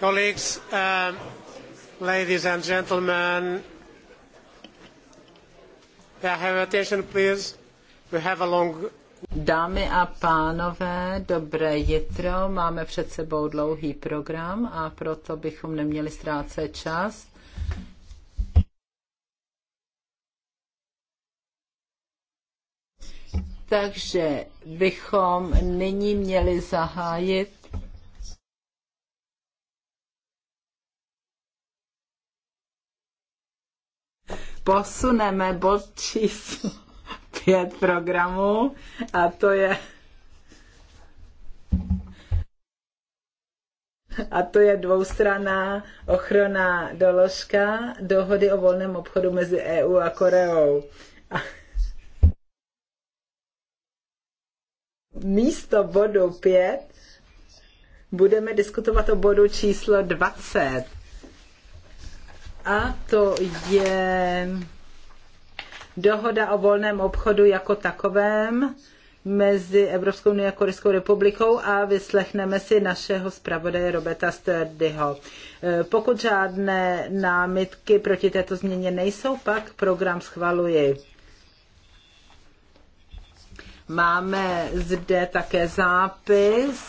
Colleagues, um, ladies and gentlemen, have attention, please. We have a long... Dámy a pánové, dobré jitro. Máme před sebou dlouhý program a proto bychom neměli ztrácet čas. Takže bychom nyní měli zahájit posuneme bod číslo pět programu a to je a to je dvoustranná ochrana doložka dohody o volném obchodu mezi EU a Koreou. A místo bodu 5 budeme diskutovat o bodu číslo 20 a to je dohoda o volném obchodu jako takovém mezi Evropskou unii a Korejskou republikou a vyslechneme si našeho zpravodaje Roberta Sturdyho. E, pokud žádné námitky proti této změně nejsou, pak program schvaluji. Máme zde také zápis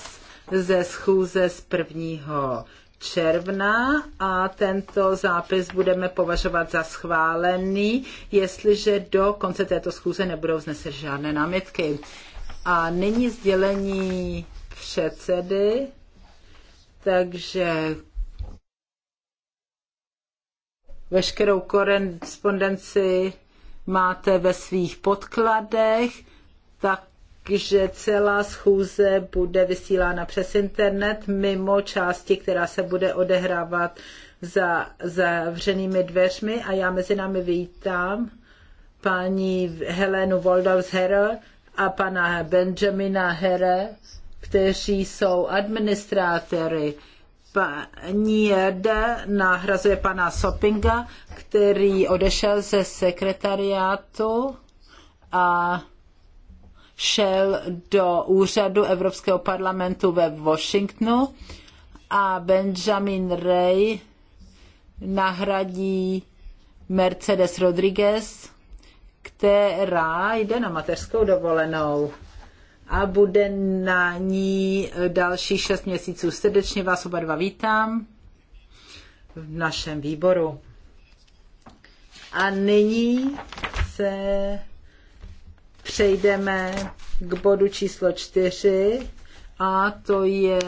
ze schůze z 1 června a tento zápis budeme považovat za schválený, jestliže do konce této schůze nebudou vzneseny žádné námitky. A nyní sdělení předsedy, takže veškerou korespondenci máte ve svých podkladech, tak že celá schůze bude vysílána přes internet mimo části, která se bude odehrávat za zavřenými dveřmi a já mezi námi vítám paní Helenu Woldovs Herr a pana Benjamina Herre, kteří jsou administrátory. Paní Jerde nahrazuje pana Sopinga, který odešel ze sekretariátu a šel do úřadu Evropského parlamentu ve Washingtonu a Benjamin Ray nahradí Mercedes Rodriguez, která jde na mateřskou dovolenou a bude na ní další šest měsíců. Srdečně vás oba dva vítám v našem výboru. A nyní se přejdeme k bodu číslo čtyři a to je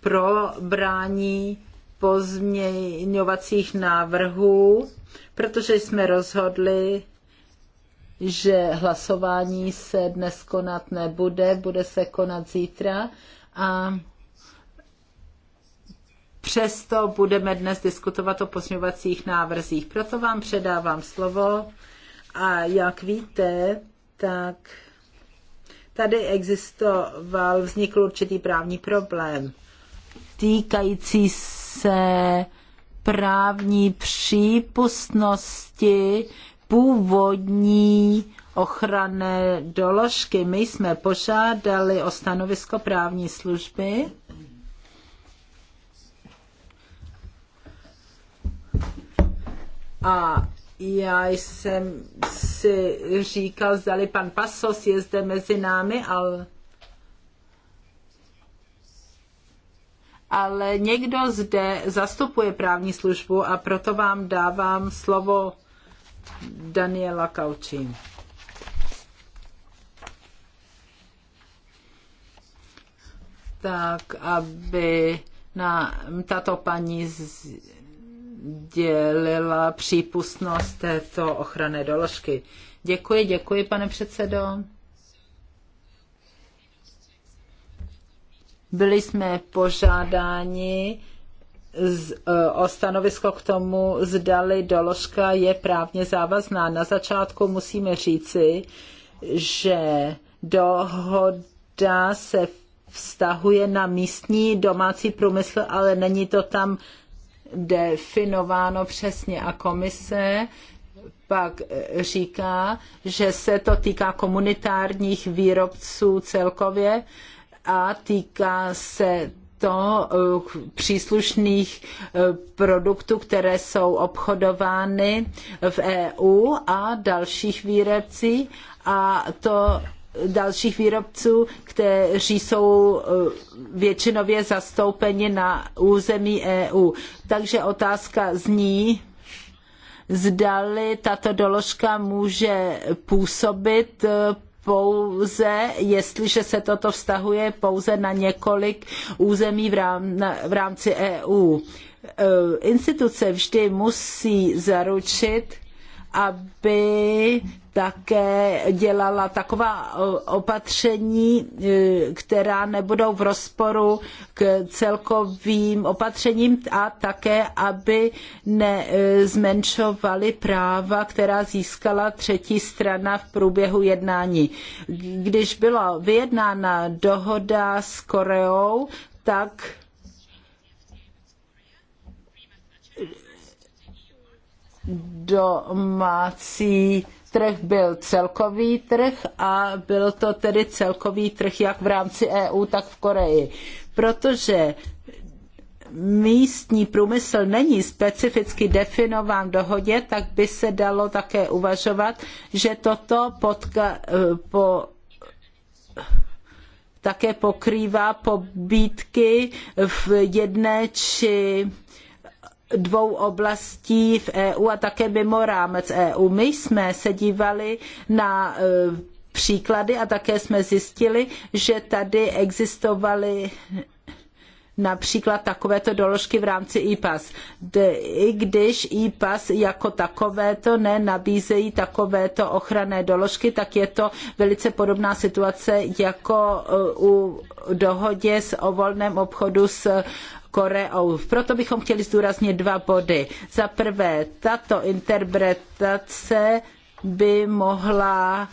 pro brání pozměňovacích návrhů, protože jsme rozhodli, že hlasování se dnes konat nebude, bude se konat zítra a přesto budeme dnes diskutovat o pozměňovacích návrzích. Proto vám předávám slovo a jak víte, tak tady existoval, vznikl určitý právní problém týkající se právní přípustnosti původní ochranné doložky. My jsme požádali o stanovisko právní služby. A já jsem si říkal, zdali pan Pasos je zde mezi námi, ale... ale někdo zde zastupuje právní službu a proto vám dávám slovo Daniela Kaučí. Tak, aby nám tato paní z dělila přípustnost této ochranné doložky. Děkuji, děkuji, pane předsedo. Byli jsme požádáni z, e, o stanovisko k tomu, zdali doložka je právně závazná. Na začátku musíme říci, že dohoda se vztahuje na místní domácí průmysl, ale není to tam definováno přesně a komise pak říká, že se to týká komunitárních výrobců celkově a týká se to eh, příslušných eh, produktů, které jsou obchodovány v EU a dalších výrobců a to dalších výrobců, kteří jsou eh, většinově zastoupeni na území EU. Takže otázka zní, zdali tato doložka může působit eh, pouze, jestliže se toto vztahuje pouze na několik území v, v rámci EU. Eh, instituce vždy musí zaručit, aby také dělala taková opatření, e, která nebudou v rozporu k celkovým opatřením a také, aby nezmenšovaly práva, která získala třetí strana v průběhu jednání. Když byla vyjednána dohoda s Koreou, tak domácí trh byl celkový trh a byl to tedy celkový trh jak v rámci EU, tak v Koreji. Protože místní průmysl není specificky definován v dohodě, tak by se dalo také uvažovat, že toto potka, po, také pokrývá pobídky v jedné či dvou oblastí v EU a také mimo rámec EU. My jsme se dívali na e, příklady a také jsme zjistili, že tady existovaly například takovéto doložky v rámci IPAS. E I když IPAS e jako takovéto nenabízejí takovéto ochranné doložky, tak je to velice podobná situace jako u dohodě s o volném obchodu s Koreou. Proto bychom chtěli zdůraznit dva body. Za prvé, tato interpretace by mohla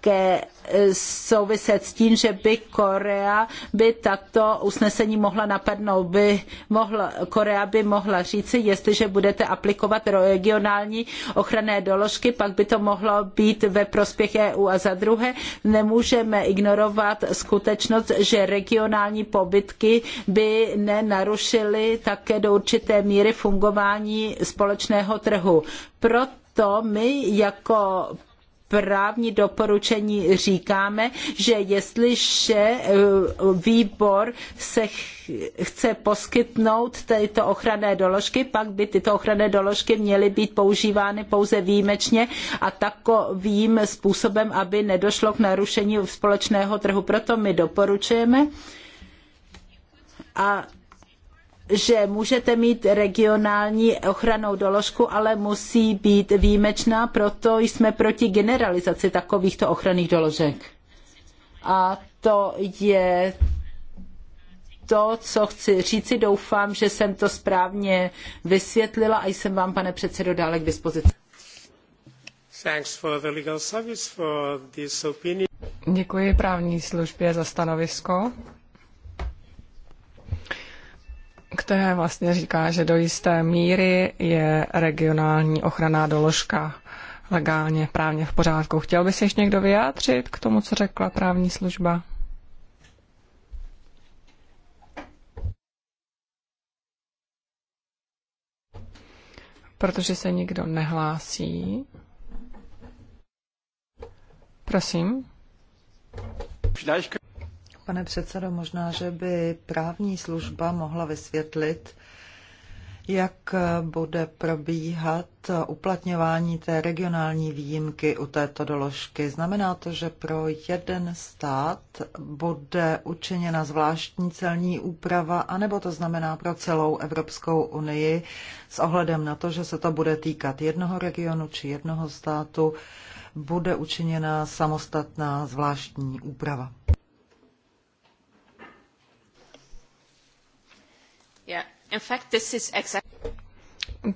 také eh, souviset s tím, že by Korea by takto usnesení mohla napadnout, by mohla, Korea by mohla říci, jestliže budete aplikovat regionální ochranné doložky, pak by to mohlo být ve prospěch EU. A za druhé, nemůžeme ignorovat skutečnost, že regionální pobytky by nenarušily také do určité míry fungování společného trhu. Proto to my jako právní doporučení říkáme, že jestliže e, výbor se chce poskytnout tyto ochranné doložky, pak by tyto ochranné doložky měly být používány pouze výjimečně a takovým způsobem, aby nedošlo k narušení společného trhu. Proto my doporučujeme, a že můžete mít regionální ochranou doložku, ale musí být výjimečná, proto jsme proti generalizaci takovýchto ochranných doložek. A to je to, co chci říci. Doufám, že jsem to správně vysvětlila a jsem vám, pane předsedo, dále k dispozici. Děkuji právní službě za stanovisko. které vlastně říká, že do jisté míry je regionální ochranná doložka legálně, právně v pořádku. Chtěl by se ještě někdo vyjádřit k tomu, co řekla právní služba? Protože se nikdo nehlásí. Prosím pane předsedo. Možná, že by právní služba mohla vysvětlit, jak bude probíhat uplatňování té regionální výjimky u této doložky? Znamená to, že pro jeden stát bude učiněna zvláštní celní úprava, anebo to znamená pro celou Evropskou unii s ohledem na to, že se to bude týkat jednoho regionu či jednoho státu, bude učiněna samostatná zvláštní úprava?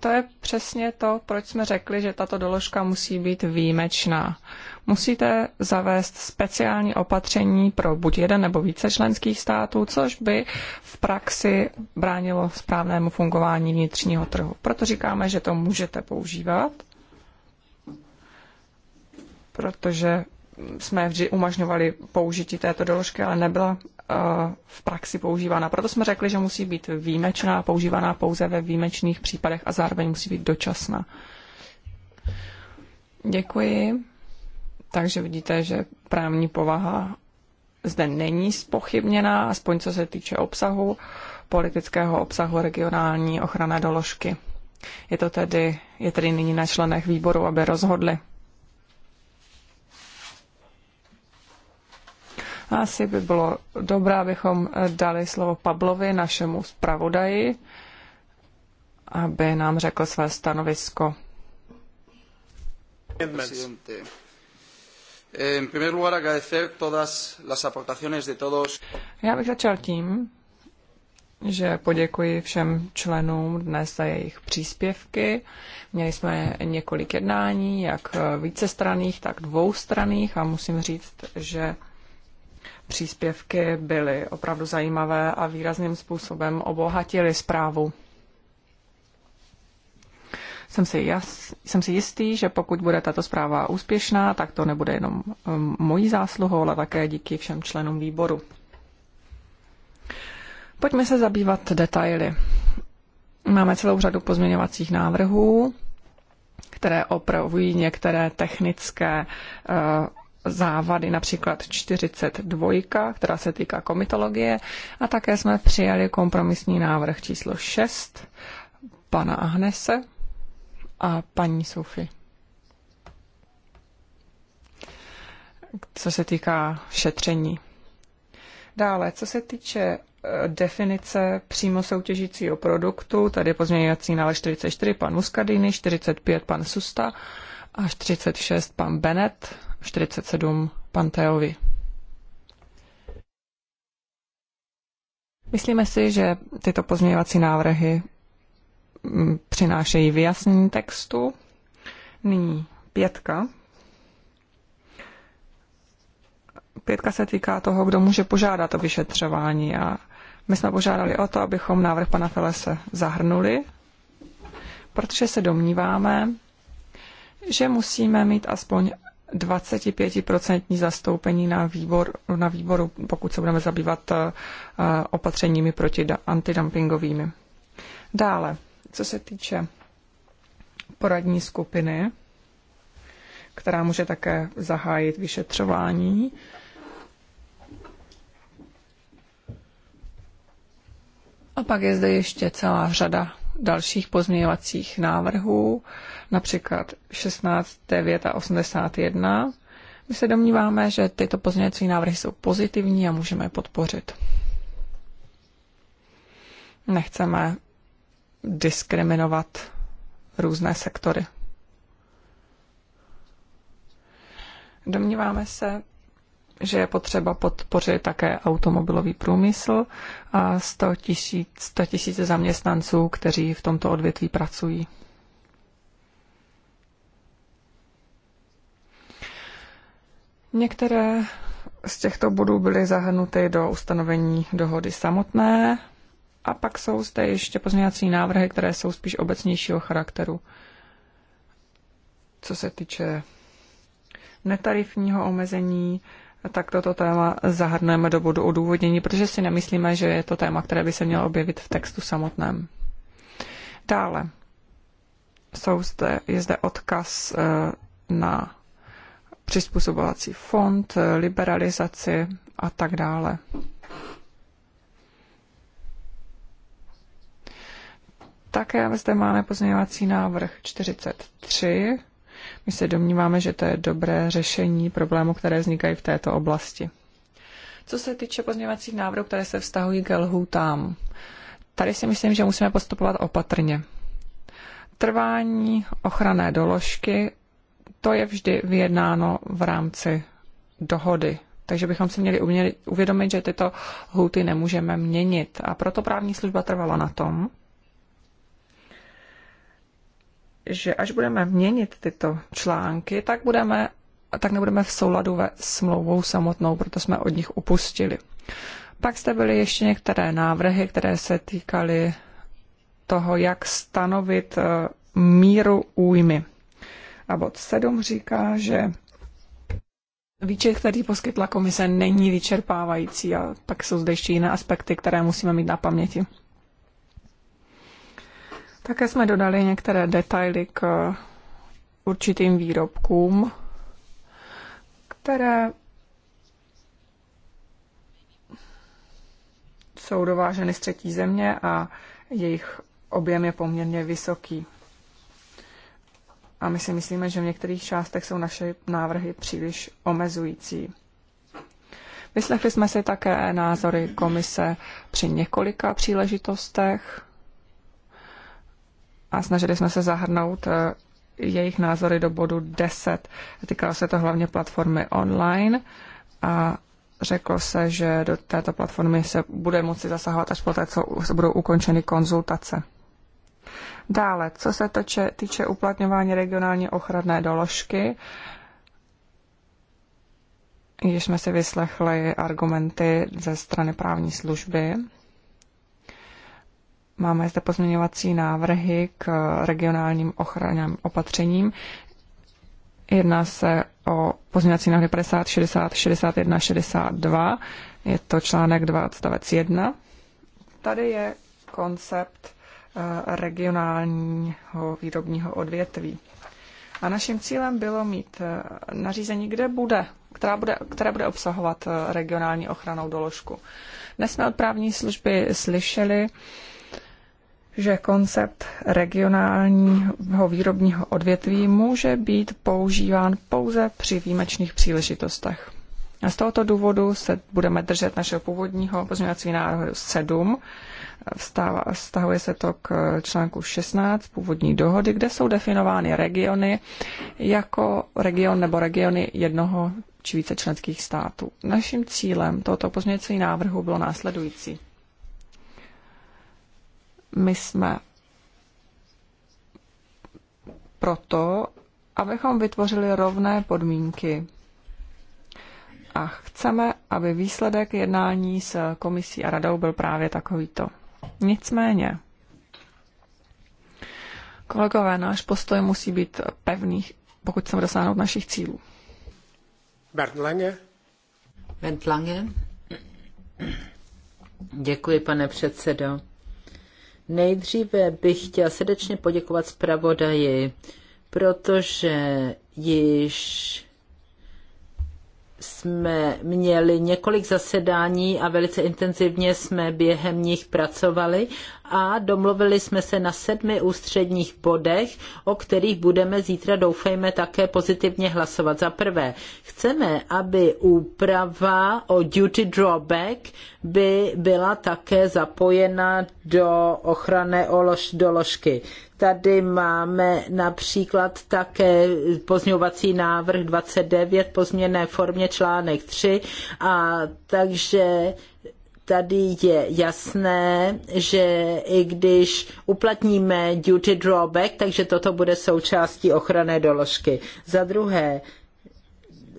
To je přesně to, proč jsme řekli, že tato doložka musí být výjimečná. Musíte zavést speciální opatření pro buď jeden nebo více členských států, což by v praxi bránilo správnému fungování vnitřního trhu. Proto říkáme, že to můžete používat, protože jsme vždy umožňovali použití této doložky, ale nebyla Eh, v praxi používána. Proto jsme řekli, že musí být výjimečná, používaná pouze ve výjimečných případech a zároveň musí být dočasná. Děkuji. Takže vidíte, že právní povaha zde není spochybněná, aspoň co se týče obsahu, politického obsahu regionální ochranné doložky. Je to tedy, je tedy nyní na členech výboru, aby rozhodli. Asi by bylo dobré, abychom eh, dali slovo Pablovi, našemu zpravodaji, aby nám řekl své stanovisko. Eh, Já bych začal tím, že poděkuji všem členům dnes za jejich příspěvky. Měli jsme několik jednání, jak eh, vícestraných, tak dvoustraných a musím říct, že příspěvky byly opravdu zajímavé a výrazným způsobem obohatily zprávu. Jsem si, jas, jsem si jistý, že pokud bude tato zpráva úspěšná, tak to nebude jenom um, mojí zásluhou, ale také díky všem členům výboru. Pojďme se zabývat detaily. Máme celou řadu pozměňovacích návrhů, které opravují některé technické uh, závady, například 42, která se týká komitologie, a také jsme přijali kompromisní návrh číslo 6 pana Ahnese a paní Sofy. Co se týká šetření. Dále, co se týče e, definice přímo soutěžícího produktu, tady je pozměňovací návrh 44 pan Muscadini, 45 pan Susta, až 36 pan Bennett 47 Pantéovi. Myslíme si, že tyto pozměňovací návrhy mm, přinášejí vyjasnění textu. Nyní pětka. Pětka se týká toho, kdo může požádat o vyšetřování a my jsme požádali o to, abychom návrh pana Felese zahrnuli, protože se domníváme, že musíme mít aspoň 25% zastoupení na, výbor, na výboru, pokud se budeme zabývat eh, opatřeními proti antidumpingovými. Dále, co se týče poradní skupiny, která může také zahájit vyšetřování, a pak je zde ještě celá řada dalších pozměňovacích návrhů, například 16, 9 a 81. My se domníváme, že tyto pozměňovací návrhy jsou pozitivní a můžeme je podpořit. Nechceme diskriminovat různé sektory. Domníváme se, že je potřeba podpořit také automobilový průmysl a 100 tisíc, 100 zaměstnanců, kteří v tomto odvětví pracují. Některé z těchto bodů byly zahrnuty do ustanovení dohody samotné a pak jsou zde ještě pozměňovací návrhy, které jsou spíš obecnějšího charakteru. Co se týče netarifního omezení, tak toto téma zahrneme do bodu odůvodnění, protože si nemyslíme, že je to téma, které by se mělo objevit v textu samotném. Dále jsou zde, je zde odkaz eh, na přizpůsobovací fond, eh, liberalizaci a tak dále. Také zde máme pozměňovací návrh 43, my se domníváme, že to je dobré řešení problémů, které vznikají v této oblasti. Co se týče pozměňovacích návrhů, které se vztahují k lhůtám, tady si myslím, že musíme postupovat opatrně. Trvání ochranné doložky, to je vždy vyjednáno v rámci dohody. Takže bychom si měli uvědomit, že tyto hluty nemůžeme měnit. A proto právní služba trvala na tom, že až budeme měnit tyto články, tak, budeme, tak nebudeme v souladu ve smlouvou samotnou, proto jsme od nich upustili. Pak zde byly ještě některé návrhy, které se týkaly toho, jak stanovit eh, míru újmy. A bod 7 říká, že výčet, který poskytla komise, není vyčerpávající a pak jsou zde ještě jiné aspekty, které musíme mít na paměti. Také jsme dodali některé detaily k eh, určitým výrobkům, které jsou dováženy z třetí země a jejich objem je poměrně vysoký. A my si myslíme, že v některých částech jsou naše návrhy příliš omezující. Vyslechli jsme si také názory komise při několika příležitostech a snažili jsme se zahrnout eh, jejich názory do bodu 10. Týkalo se to hlavně platformy online a řeklo se, že do této platformy se bude moci zasahovat až poté, co budou ukončeny konzultace. Dále, co se toče, týče uplatňování regionální ochranné doložky, již jsme si vyslechli argumenty ze strany právní služby Máme zde pozměňovací návrhy k regionálním ochranným opatřením. Jedná se o pozměňovací návrhy 50, 60, 61, 62. Je to článek 2 odstavec 1. Tady je koncept eh, regionálního výrobního odvětví. A naším cílem bylo mít eh, nařízení, kde bude, která bude, které bude obsahovat eh, regionální ochranou doložku. Dnes jsme od právní služby slyšeli, že koncept regionálního výrobního odvětví může být používán pouze při výjimečných příležitostech. A z tohoto důvodu se budeme držet našeho původního pozměňovací návrhu 7. Vztahuje se to k článku 16 původní dohody, kde jsou definovány regiony jako region nebo regiony jednoho či více členských států. Naším cílem tohoto pozměňovacího návrhu bylo následující. My jsme proto, abychom vytvořili rovné podmínky. A chceme, aby výsledek jednání s komisí a radou byl právě takovýto. Nicméně, kolegové, náš postoj musí být pevný, pokud chceme dosáhnout našich cílů. Bernd Lange. Bernd Lange. Děkuji, pane předsedo. Nejdříve bych chtěl srdečně poděkovat zpravodaji, protože již jsme měli několik zasedání a velice intenzivně jsme během nich pracovali a domluvili jsme se na sedmi ústředních bodech, o kterých budeme zítra doufejme také pozitivně hlasovat. Za prvé, chceme, aby úprava o duty drawback by byla také zapojena do ochranné doložky. Tady máme například také pozměňovací návrh 29 pozměné formě článek 3 a takže tady je jasné, že i když uplatníme duty drawback, takže toto bude součástí ochranné doložky. Za druhé,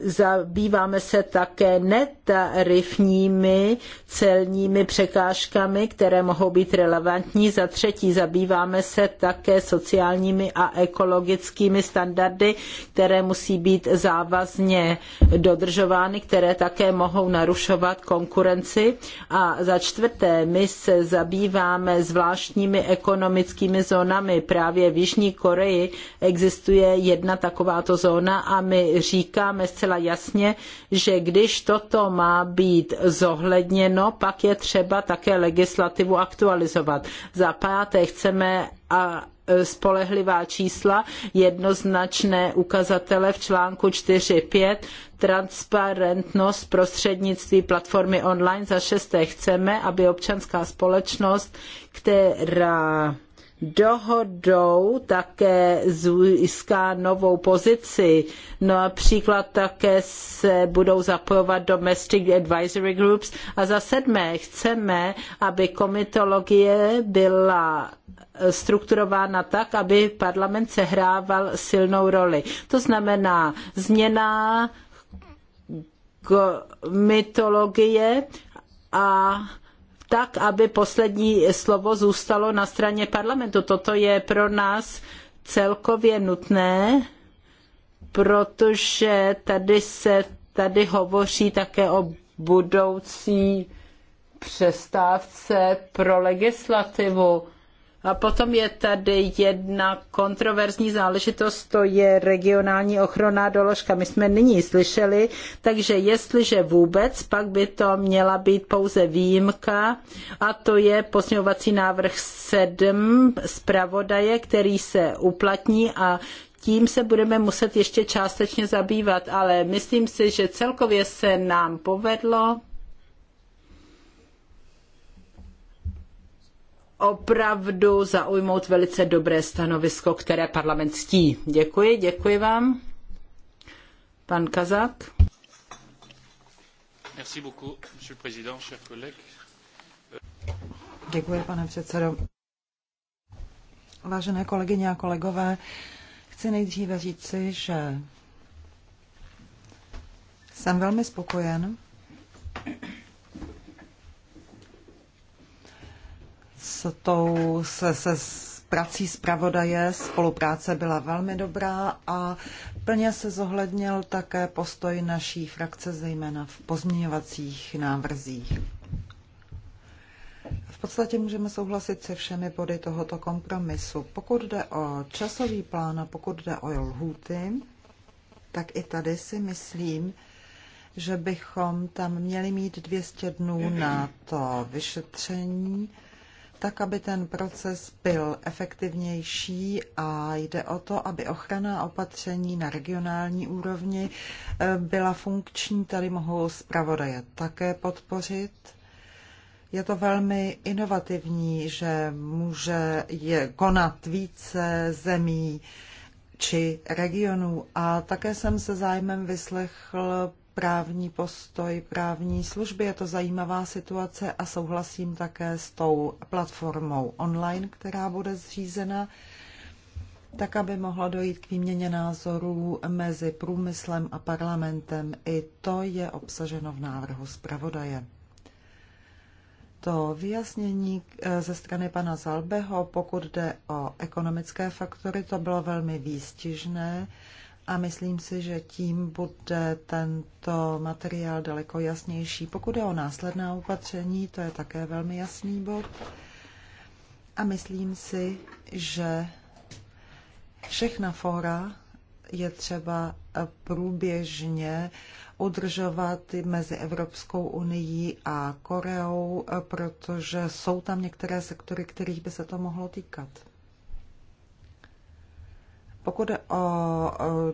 zabýváme se také netarifními celními překážkami, které mohou být relevantní. Za třetí zabýváme se také sociálními a ekologickými standardy, které musí být závazně dodržovány, které také mohou narušovat konkurenci. A za čtvrté, my se zabýváme zvláštními ekonomickými zónami. Právě v Jižní Koreji existuje jedna takováto zóna a my říkáme zcela zcela jasně, že když toto má být zohledněno, pak je třeba také legislativu aktualizovat. Za páté chceme a e, spolehlivá čísla, jednoznačné ukazatele v článku 4.5, transparentnost prostřednictví platformy online. Za šesté chceme, aby občanská společnost, která dohodou také získá novou pozici. Například no také se budou zapojovat domestic advisory groups. A za sedmé, chceme, aby komitologie byla strukturována tak, aby parlament sehrával silnou roli. To znamená změna komitologie a tak, aby poslední slovo zůstalo na straně parlamentu. Toto je pro nás celkově nutné, protože tady se tady hovoří také o budoucí přestávce pro legislativu a potom je tady jedna kontroverzní záležitost, to je regionální ochranná doložka. My jsme nyní slyšeli, takže jestliže vůbec, pak by to měla být pouze výjimka a to je posňovací návrh 7 zpravodaje, který se uplatní a tím se budeme muset ještě částečně zabývat, ale myslím si, že celkově se nám povedlo opravdu zaujmout velice dobré stanovisko, které parlament ctí. Děkuji, děkuji vám. Pan Kazak. Děkuji, pane předsedo. Vážené kolegyně a kolegové, chci nejdříve říci, že jsem velmi spokojen tou, se, se s prací zpravodaje. Spolupráce byla velmi dobrá a plně se zohlednil také postoj naší frakce, zejména v pozměňovacích návrzích. V podstatě můžeme souhlasit se všemi body tohoto kompromisu. Pokud jde o časový plán a pokud jde o lhůty, tak i tady si myslím, že bychom tam měli mít 200 dnů na to vyšetření tak aby ten proces byl efektivnější a jde o to, aby ochrana opatření na regionální úrovni eh, byla funkční. Tady mohou zpravodaje také podpořit. Je to velmi inovativní, že může je konat více zemí či regionů. A také jsem se zájmem vyslechl právní postoj právní služby. Je to zajímavá situace a souhlasím také s tou platformou online, která bude zřízena, tak aby mohla dojít k výměně názorů mezi průmyslem a parlamentem. I to je obsaženo v návrhu zpravodaje. To vyjasnění eh, ze strany pana Zalbeho, pokud jde o ekonomické faktory, to bylo velmi výstižné a myslím si, že tím bude tento materiál daleko jasnější. Pokud je o následná opatření, to je také velmi jasný bod. A myslím si, že všechna fora je třeba průběžně udržovat mezi Evropskou unii a Koreou, protože jsou tam některé sektory, kterých by se to mohlo týkat. Pokud je o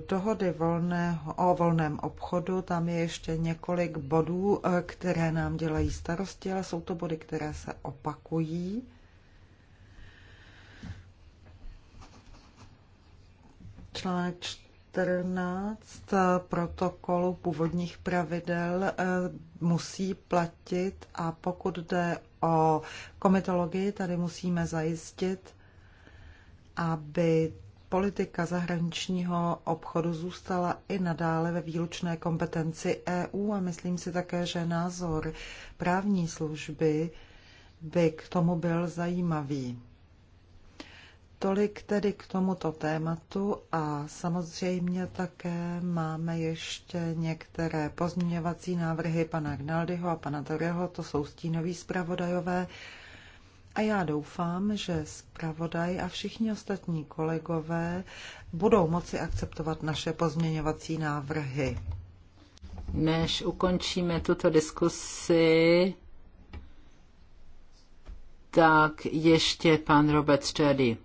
dohody volného, o volném obchodu, tam je ještě několik bodů, e, které nám dělají starosti, ale jsou to body, které se opakují. Článek 14 e, protokolu původních pravidel e, musí platit a pokud jde o komitologii, tady musíme zajistit, aby politika zahraničního obchodu zůstala i nadále ve výlučné kompetenci EU a myslím si také, že názor právní služby by k tomu byl zajímavý. Tolik tedy k tomuto tématu a samozřejmě také máme ještě některé pozměňovací návrhy pana Gnaldyho a pana Toreho, to jsou stínoví zpravodajové. A já doufám, že zpravodaj a všichni ostatní kolegové budou moci akceptovat naše pozměňovací návrhy. Než ukončíme tuto diskusi, tak ještě pan Robert Štědy.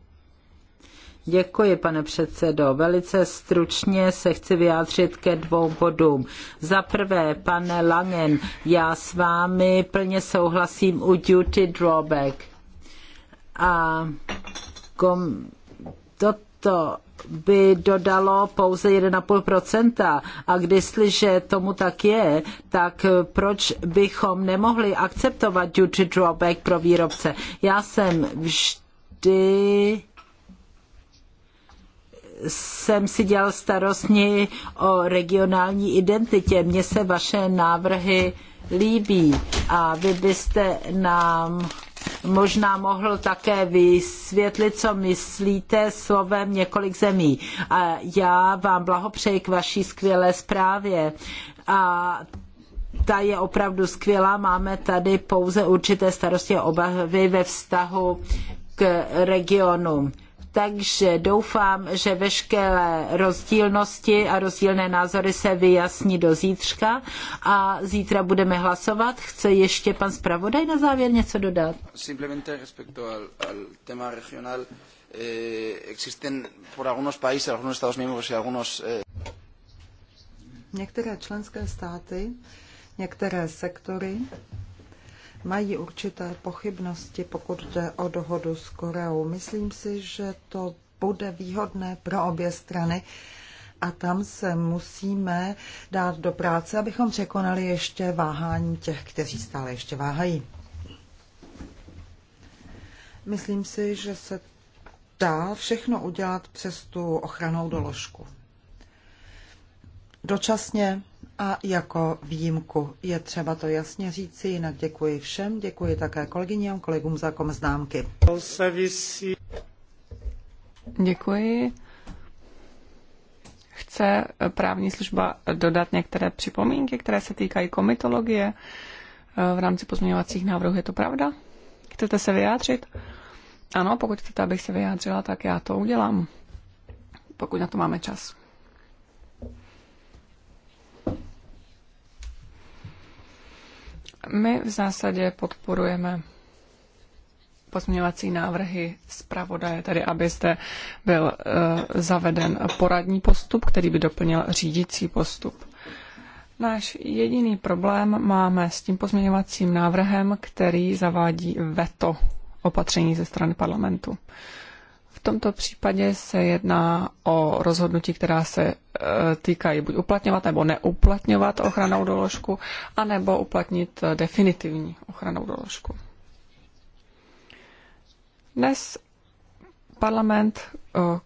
Děkuji, pane předsedo. Velice stručně se chci vyjádřit ke dvou bodům. Za prvé, pane Langen, já s vámi plně souhlasím u duty drawback a kom, toto by dodalo pouze 1,5%. A kdysliže tomu tak je, tak proč bychom nemohli akceptovat duty drawback pro výrobce? Já jsem vždy jsem si dělal starostní o regionální identitě. Mně se vaše návrhy líbí a vy byste nám možná mohl také vysvětlit, co myslíte slovem několik zemí. A já vám blahopřeji k vaší skvělé zprávě. A ta je opravdu skvělá. Máme tady pouze určité starosti a obavy ve vztahu k regionu takže doufám, že veškeré rozdílnosti a rozdílné názory se vyjasní do zítřka a zítra budeme hlasovat. Chce ještě pan zpravodaj na závěr něco dodat? Simplemente respecto al, al tema regional, eh, existen por algunos países, algunos estados miembros y algunos... Eh... Některé členské státy, některé sektory mají určité pochybnosti, pokud jde o dohodu s Koreou. Myslím si, že to bude výhodné pro obě strany a tam se musíme dát do práce, abychom překonali ještě váhání těch, kteří stále ještě váhají. Myslím si, že se dá všechno udělat přes tu ochranou doložku. Dočasně a jako výjimku. Je třeba to jasně říci, jinak děkuji všem, děkuji také kolegyně a kolegům za kom jako známky. Děkuji. Chce právní služba dodat některé připomínky, které se týkají komitologie v rámci pozměňovacích návrhů? Je to pravda? Chcete se vyjádřit? Ano, pokud chcete, abych se vyjádřila, tak já to udělám, pokud na to máme čas. My v zásadě podporujeme pozměňovací návrhy zpravodaje, tedy abyste byl e, zaveden poradní postup, který by doplnil řídící postup. Náš jediný problém máme s tím pozměňovacím návrhem, který zavádí veto opatření ze strany parlamentu. V tomto případě se jedná o rozhodnutí, která se e, týkají buď uplatňovat nebo neuplatňovat ochranou doložku, anebo uplatnit definitivní ochranou doložku. Dnes parlament e,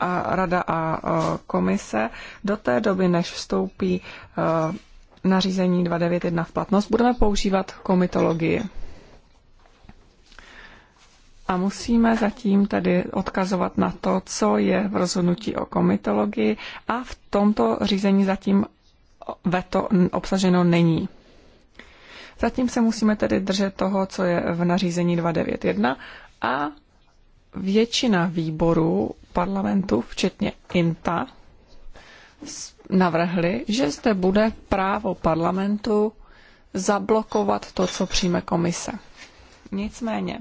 a rada a e, komise do té doby, než vstoupí nařízení 291 v platnost, budeme používat komitologii. A musíme zatím tedy odkazovat na to, co je v rozhodnutí o komitologii a v tomto řízení zatím veto obsaženo není. Zatím se musíme tedy držet toho, co je v nařízení 291 a většina výborů parlamentu, včetně INTA, navrhli, že zde bude právo parlamentu zablokovat to, co přijme komise. Nicméně,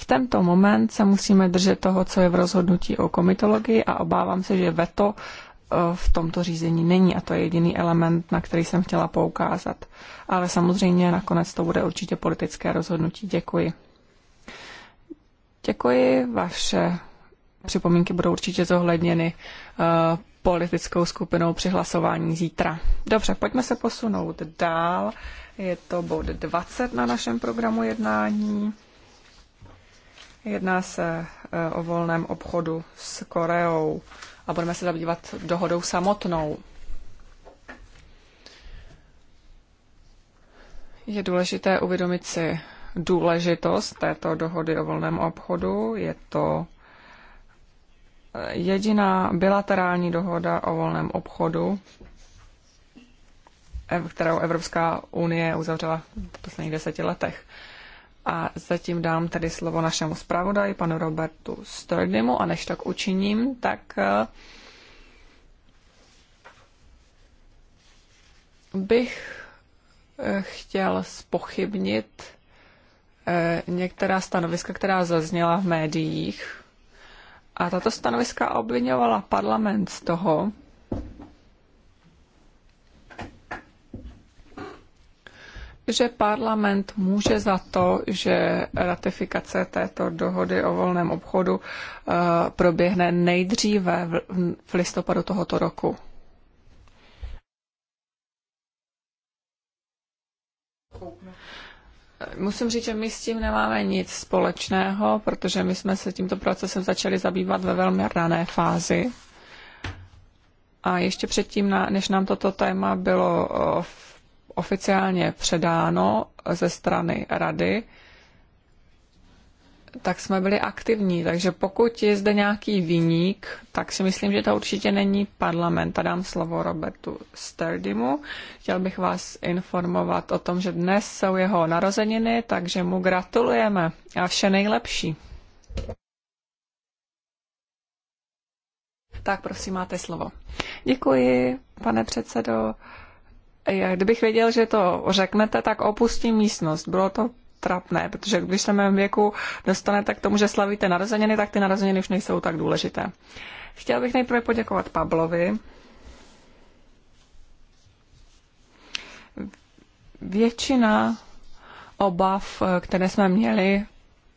v tento moment se musíme držet toho, co je v rozhodnutí o komitologii a obávám se, že veto eh, v tomto řízení není a to je jediný element, na který jsem chtěla poukázat. Ale samozřejmě nakonec to bude určitě politické rozhodnutí. Děkuji. Děkuji, vaše připomínky budou určitě zohledněny eh, politickou skupinou při hlasování zítra. Dobře, pojďme se posunout dál. Je to bod 20 na našem programu jednání. Jedná se e, o volném obchodu s Koreou a budeme se zabývat dohodou samotnou. Je důležité uvědomit si důležitost této dohody o volném obchodu. Je to e, jediná bilaterální dohoda o volném obchodu, e, kterou Evropská unie uzavřela v posledních deseti letech. A zatím dám tedy slovo našemu zpravodaji, panu Robertu Sturdymu, a než tak učiním, tak eh, bych eh, chtěl spochybnit eh, některá stanoviska, která zazněla v médiích. A tato stanoviska obvinovala parlament z toho, že parlament může za to, že ratifikace této dohody o volném obchodu eh, proběhne nejdříve v listopadu tohoto roku. Musím říct, že my s tím nemáme nic společného, protože my jsme se tímto procesem začali zabývat ve velmi rané fázi. A ještě předtím, než nám toto téma bylo v eh, oficiálně předáno ze strany rady, tak jsme byli aktivní. Takže pokud je zde nějaký výnik, tak si myslím, že to určitě není parlament. A dám slovo Robertu Sterdimu. Chtěl bych vás informovat o tom, že dnes jsou jeho narozeniny, takže mu gratulujeme a vše nejlepší. Tak prosím, máte slovo. Děkuji, pane předsedo já kdybych věděl, že to řeknete, tak opustím místnost. Bylo to trapné, protože když se mém věku dostanete k tomu, že slavíte narozeniny, tak ty narozeniny už nejsou tak důležité. Chtěl bych nejprve poděkovat Pablovi. Většina obav, které jsme měli,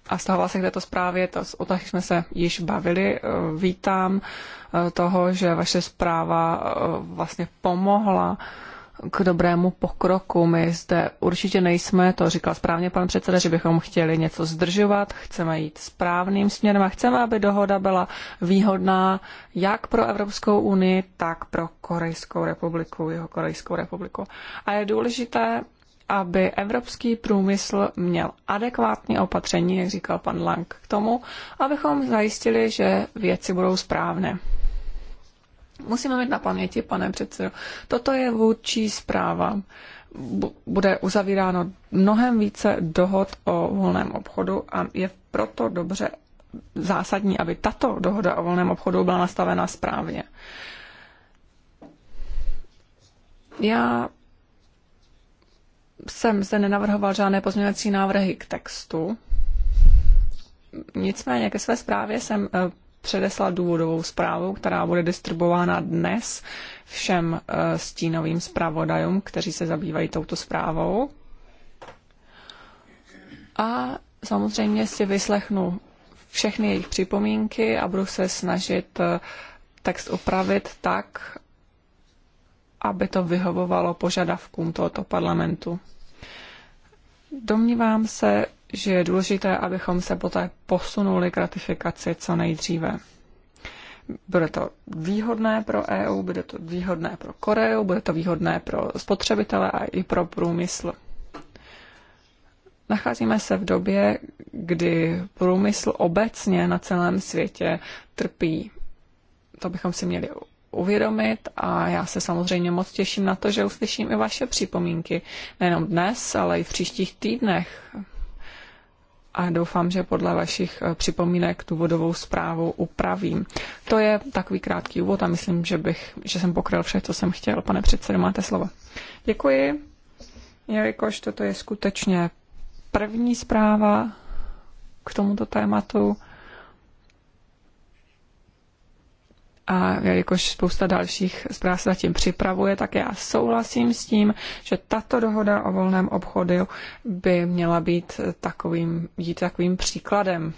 a stahovala se k této zprávě, to, o těch jsme se již bavili. Eh, vítám eh, toho, že vaše zpráva eh, vlastně pomohla k dobrému pokroku. My zde určitě nejsme, to říkal správně pan předseda, že bychom chtěli něco zdržovat, chceme jít správným směrem a chceme, aby dohoda byla výhodná jak pro Evropskou unii, tak pro Korejskou republiku, jeho Korejskou republiku. A je důležité, aby evropský průmysl měl adekvátní opatření, jak říkal pan Lang, k tomu, abychom zajistili, že věci budou správné. Musíme mít na paměti, pane předsedo, toto je vůči zpráva. Bude uzavíráno mnohem více dohod o volném obchodu a je proto dobře zásadní, aby tato dohoda o volném obchodu byla nastavena správně. Já jsem zde nenavrhoval žádné pozměňovací návrhy k textu. Nicméně ke své zprávě jsem eh, předeslal důvodovou zprávu, která bude distribuována dnes všem eh, stínovým zpravodajům, kteří se zabývají touto zprávou. A samozřejmě si vyslechnu všechny jejich připomínky a budu se snažit eh, text upravit tak, aby to vyhovovalo požadavkům tohoto parlamentu. Domnívám se, že je důležité, abychom se poté posunuli k ratifikaci co nejdříve. Bude to výhodné pro EU, bude to výhodné pro Koreu, bude to výhodné pro spotřebitele a i pro průmysl. Nacházíme se v době, kdy průmysl obecně na celém světě trpí. To bychom si měli uvědomit a já se samozřejmě moc těším na to, že uslyším i vaše připomínky. Nejenom dnes, ale i v příštích týdnech a doufám, že podle vašich eh, připomínek tu vodovou zprávu upravím. To je takový krátký úvod a myslím, že, bych, že jsem pokryl vše, co jsem chtěl. Pane předsedo, máte slovo. Děkuji. Jelikož toto je skutečně první zpráva k tomuto tématu, a jelikož spousta dalších zpráv se zatím připravuje, tak já souhlasím s tím, že tato dohoda o volném obchodu by měla být takovým, být takovým příkladem.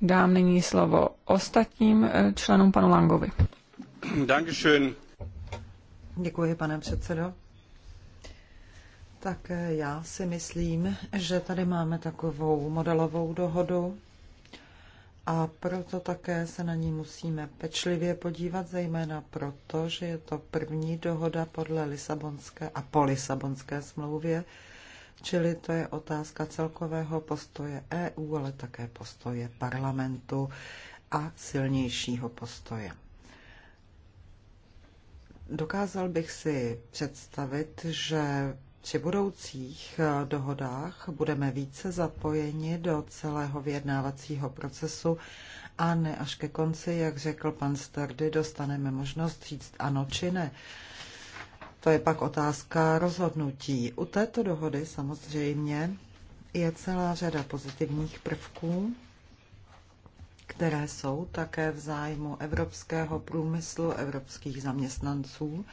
Dám nyní slovo ostatním eh, členům panu Langovi. Dankeschön. Děkuji, pane předsedo. Tak eh, já si myslím, že tady máme takovou modelovou dohodu, a proto také se na ní musíme pečlivě podívat, zejména proto, že je to první dohoda podle Lisabonské a po Lisabonské smlouvě, čili to je otázka celkového postoje EU, ale také postoje parlamentu a silnějšího postoje. Dokázal bych si představit, že při budoucích eh, dohodách budeme více zapojeni do celého vyjednávacího procesu a ne až ke konci, jak řekl pan Stardy, dostaneme možnost říct ano či ne. To je pak otázka rozhodnutí. U této dohody samozřejmě je celá řada pozitivních prvků, které jsou také v zájmu evropského průmyslu, evropských zaměstnanců,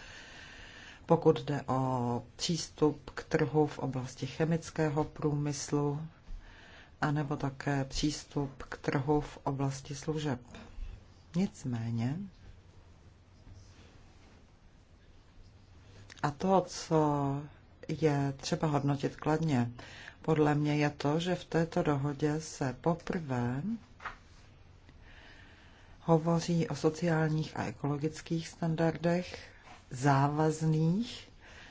pokud jde o přístup k trhu v oblasti chemického průmyslu, anebo také přístup k trhu v oblasti služeb. Nicméně, a to, co je třeba hodnotit kladně, podle mě je to, že v této dohodě se poprvé hovoří o sociálních a ekologických standardech závazných,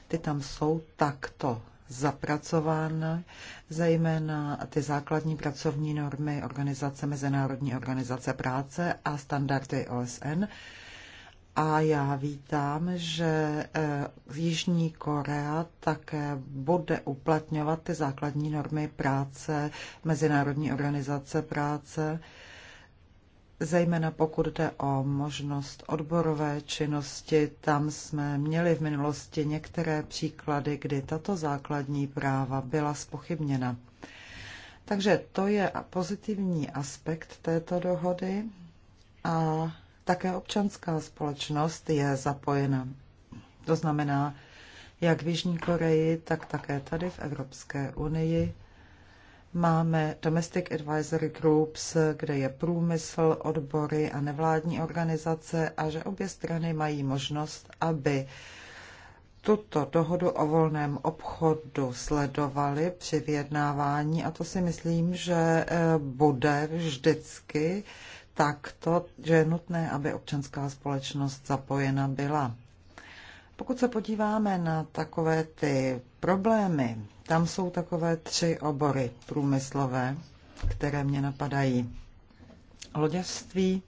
ty tam jsou takto zapracována, zejména ty základní pracovní normy organizace Mezinárodní organizace práce a standardy OSN. A já vítám, že e, Jižní Korea také bude uplatňovat ty základní normy práce Mezinárodní organizace práce zejména pokud jde o možnost odborové činnosti, tam jsme měli v minulosti některé příklady, kdy tato základní práva byla spochybněna. Takže to je pozitivní aspekt této dohody a také občanská společnost je zapojena. To znamená, jak v Jižní Koreji, tak také tady v Evropské unii Máme Domestic Advisory Groups, kde je průmysl, odbory a nevládní organizace a že obě strany mají možnost, aby tuto dohodu o volném obchodu sledovali při vyjednávání a to si myslím, že eh, bude vždycky takto, že je nutné, aby občanská společnost zapojena byla. Pokud se podíváme na takové ty problémy, tam jsou takové tři obory průmyslové, které mě napadají. Loděřství,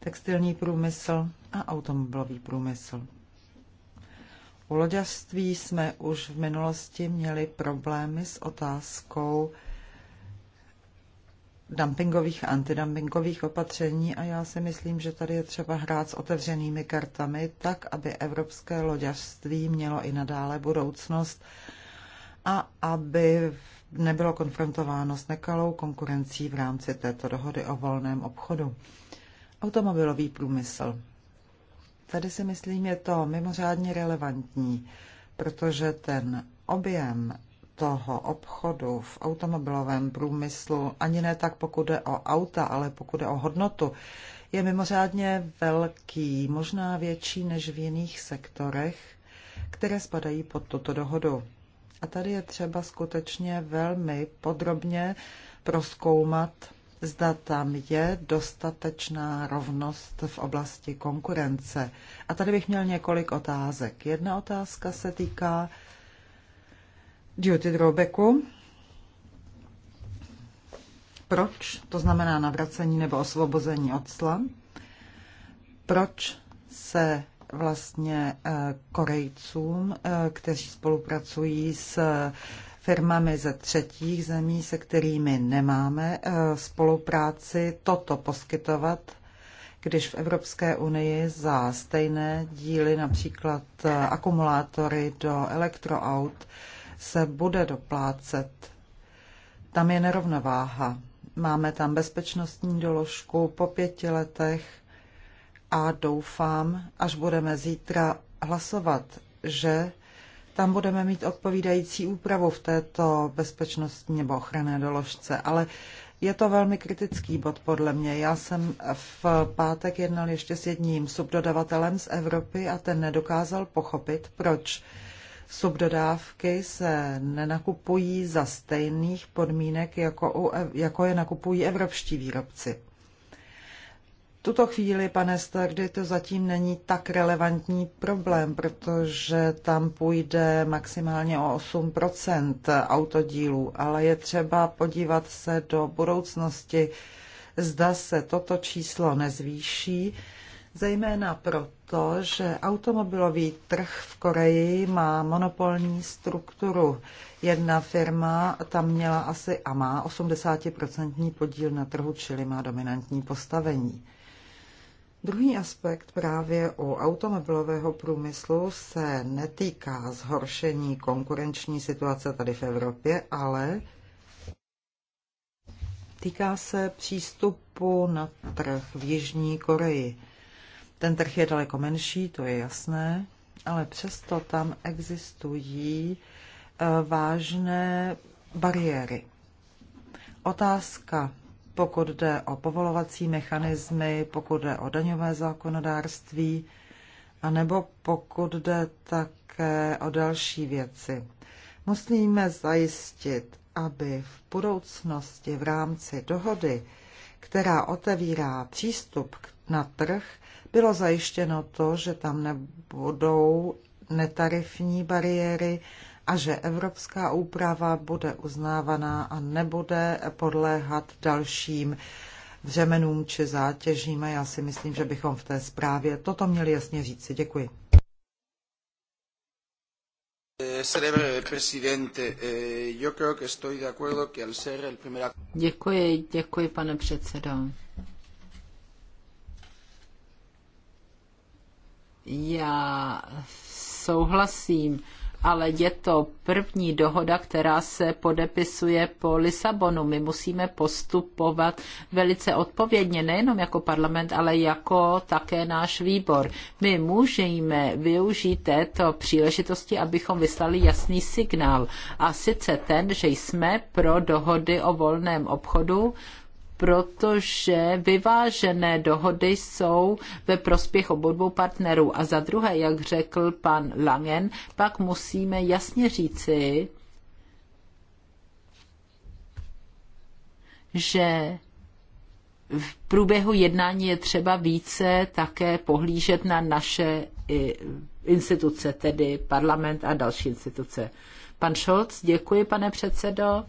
textilní průmysl a automobilový průmysl. U loďařství jsme už v minulosti měli problémy s otázkou dumpingových a antidumpingových opatření a já si myslím, že tady je třeba hrát s otevřenými kartami tak, aby evropské loďařství mělo i nadále budoucnost a aby nebylo konfrontováno s nekalou konkurencí v rámci této dohody o volném obchodu. Automobilový průmysl. Tady si myslím, je to mimořádně relevantní, protože ten objem toho obchodu v automobilovém průmyslu, ani ne tak pokud jde o auta, ale pokud jde o hodnotu, je mimořádně velký, možná větší než v jiných sektorech, které spadají pod tuto dohodu. A tady je třeba skutečně velmi podrobně proskoumat, zda tam je dostatečná rovnost v oblasti konkurence. A tady bych měl několik otázek. Jedna otázka se týká duty drawbacku. Proč? To znamená navracení nebo osvobození od sla. Proč se vlastně eh, Korejcům, eh, kteří spolupracují s eh, firmami ze třetích zemí, se kterými nemáme spolupráci, toto poskytovat, když v Evropské unii za stejné díly, například akumulátory do elektroaut, se bude doplácet. Tam je nerovnováha. Máme tam bezpečnostní doložku po pěti letech a doufám, až budeme zítra hlasovat, že tam budeme mít odpovídající úpravu v této bezpečnostní nebo ochranné doložce. Ale je to velmi kritický bod podle mě. Já jsem v pátek jednal ještě s jedním subdodavatelem z Evropy a ten nedokázal pochopit, proč subdodávky se nenakupují za stejných podmínek, jako, u, jako je nakupují evropští výrobci tuto chvíli, pane Stardy, to zatím není tak relevantní problém, protože tam půjde maximálně o 8 autodílů, ale je třeba podívat se do budoucnosti, zda se toto číslo nezvýší, zejména proto, že automobilový trh v Koreji má monopolní strukturu. Jedna firma tam měla asi a má 80% podíl na trhu, čili má dominantní postavení. Druhý aspekt právě u automobilového průmyslu se netýká zhoršení konkurenční situace tady v Evropě, ale týká se přístupu na trh v Jižní Koreji. Ten trh je daleko menší, to je jasné, ale přesto tam existují eh, vážné bariéry. Otázka pokud jde o povolovací mechanismy, pokud jde o daňové zákonodárství, anebo pokud jde také o další věci. Musíme zajistit, aby v budoucnosti v rámci dohody, která otevírá přístup na trh, bylo zajištěno to, že tam nebudou netarifní bariéry a že evropská úprava bude uznávaná a nebude podléhat dalším břemenům či zátěžím. A já si myslím, že bychom v té zprávě toto měli jasně říci. Děkuji. Eh, děkuji, děkuji, pane předsedo. Já souhlasím ale je to první dohoda, která se podepisuje po Lisabonu. My musíme postupovat velice odpovědně, nejenom jako parlament, ale jako také náš výbor. My můžeme využít této příležitosti, abychom vyslali jasný signál. A sice ten, že jsme pro dohody o volném obchodu, protože vyvážené dohody jsou ve prospěch obou dvou partnerů. A za druhé, jak řekl pan Langen, pak musíme jasně říci, že v průběhu jednání je třeba více také pohlížet na naše instituce, tedy parlament a další instituce. Pan Scholz, děkuji, pane předsedo.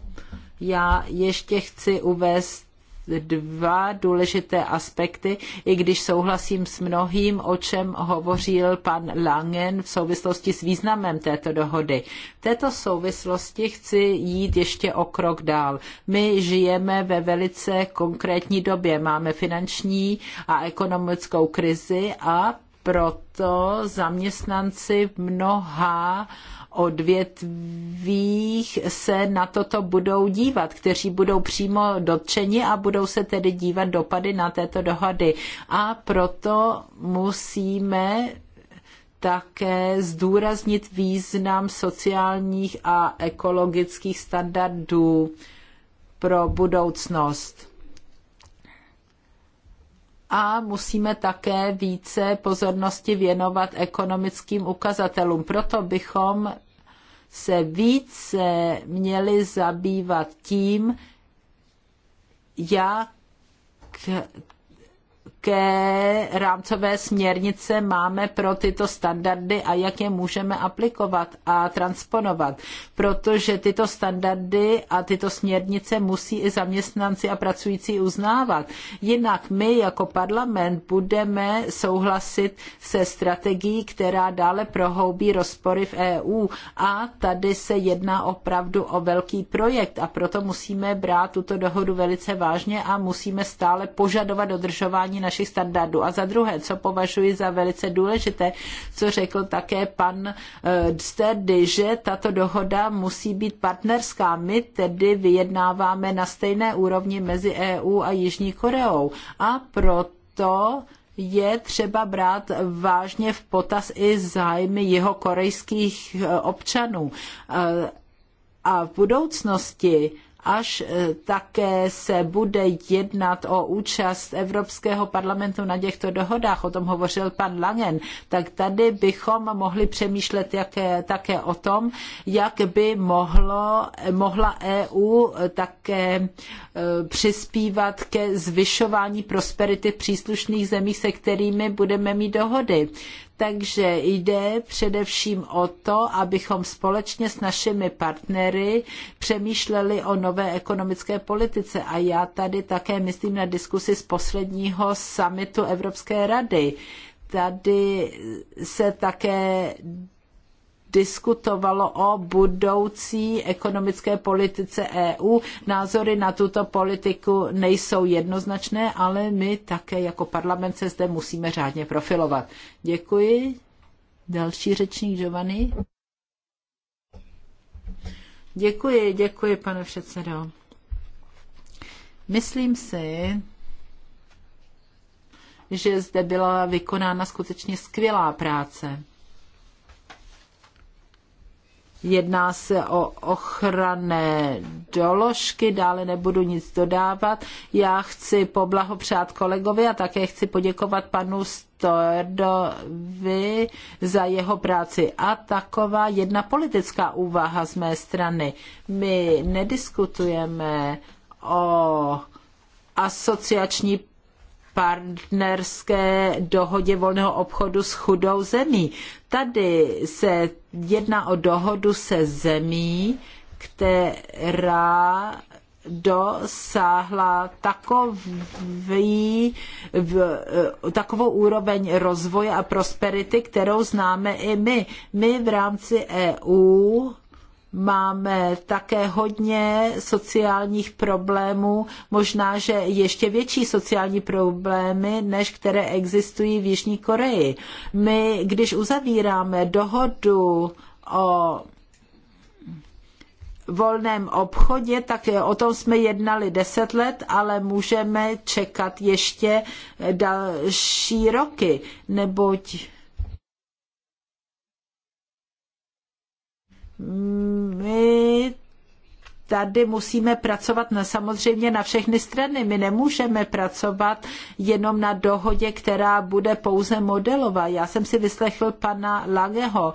Já ještě chci uvést dva důležité aspekty, i když souhlasím s mnohým, o čem hovořil pan Langen v souvislosti s významem této dohody. V této souvislosti chci jít ještě o krok dál. My žijeme ve velice konkrétní době. Máme finanční a ekonomickou krizi a proto zaměstnanci v mnoha odvětvích se na toto budou dívat, kteří budou přímo dotčeni a budou se tedy dívat dopady na této dohady. A proto musíme také zdůraznit význam sociálních a ekologických standardů pro budoucnost a musíme také více pozornosti věnovat ekonomickým ukazatelům. Proto bychom se více měli zabývat tím, jak jaké rámcové směrnice máme pro tyto standardy a jak je můžeme aplikovat a transponovat. Protože tyto standardy a tyto směrnice musí i zaměstnanci a pracující uznávat. Jinak my jako parlament budeme souhlasit se strategií, která dále prohloubí rozpory v EU. A tady se jedná opravdu o velký projekt a proto musíme brát tuto dohodu velice vážně a musíme stále požadovat dodržování dodržování našich standardů. A za druhé, co považuji za velice důležité, co řekl také pan eh, Sterdy, že tato dohoda musí být partnerská. My tedy vyjednáváme na stejné úrovni mezi EU a Jižní Koreou. A proto je třeba brát vážně v potaz i zájmy jeho korejských eh, občanů. Eh, a v budoucnosti až e, také se bude jednat o účast Evropského parlamentu na těchto dohodách, o tom hovořil pan Langen, tak tady bychom mohli přemýšlet jaké, také o tom, jak by mohlo, mohla EU také e, přispívat ke zvyšování prosperity v příslušných zemích, se kterými budeme mít dohody. Takže jde především o to, abychom společně s našimi partnery přemýšleli o nové ekonomické politice. A já tady také myslím na diskusi z posledního summitu Evropské rady. Tady se také diskutovalo o budoucí ekonomické politice EU. Názory na tuto politiku nejsou jednoznačné, ale my také jako parlament se zde musíme řádně profilovat. Děkuji. Další řečník Giovanni. Děkuji, děkuji, pane předsedo. Myslím si, že zde byla vykonána skutečně skvělá práce. Jedná se o ochranné doložky, dále nebudu nic dodávat. Já chci poblahopřát kolegovi a také chci poděkovat panu Stordovi za jeho práci. A taková jedna politická úvaha z mé strany. My nediskutujeme o asociační partnerské dohodě volného obchodu s chudou zemí. Tady se jedná o dohodu se zemí, která dosáhla takový, takovou úroveň rozvoje a prosperity, kterou známe i my. My v rámci EU máme také hodně sociálních problémů, možná, že ještě větší sociální problémy, než které existují v Jižní Koreji. My, když uzavíráme dohodu o volném obchodě, tak o tom jsme jednali deset let, ale můžeme čekat ještě další roky, neboť my tady musíme pracovat na, samozřejmě na všechny strany. My nemůžeme pracovat jenom na dohodě, která bude pouze modelová. Já jsem si vyslechl pana Langeho.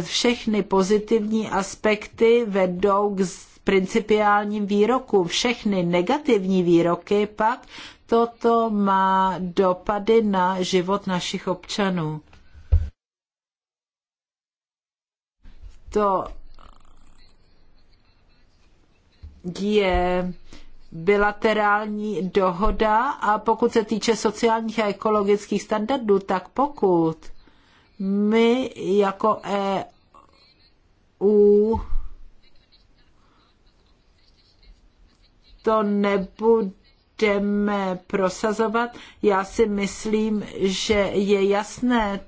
Všechny pozitivní aspekty vedou k principiálním výrokům. Všechny negativní výroky pak toto má dopady na život našich občanů. to je bilaterální dohoda a pokud se týče sociálních a ekologických standardů, tak pokud my jako EU to nebudeme prosazovat, já si myslím, že je jasné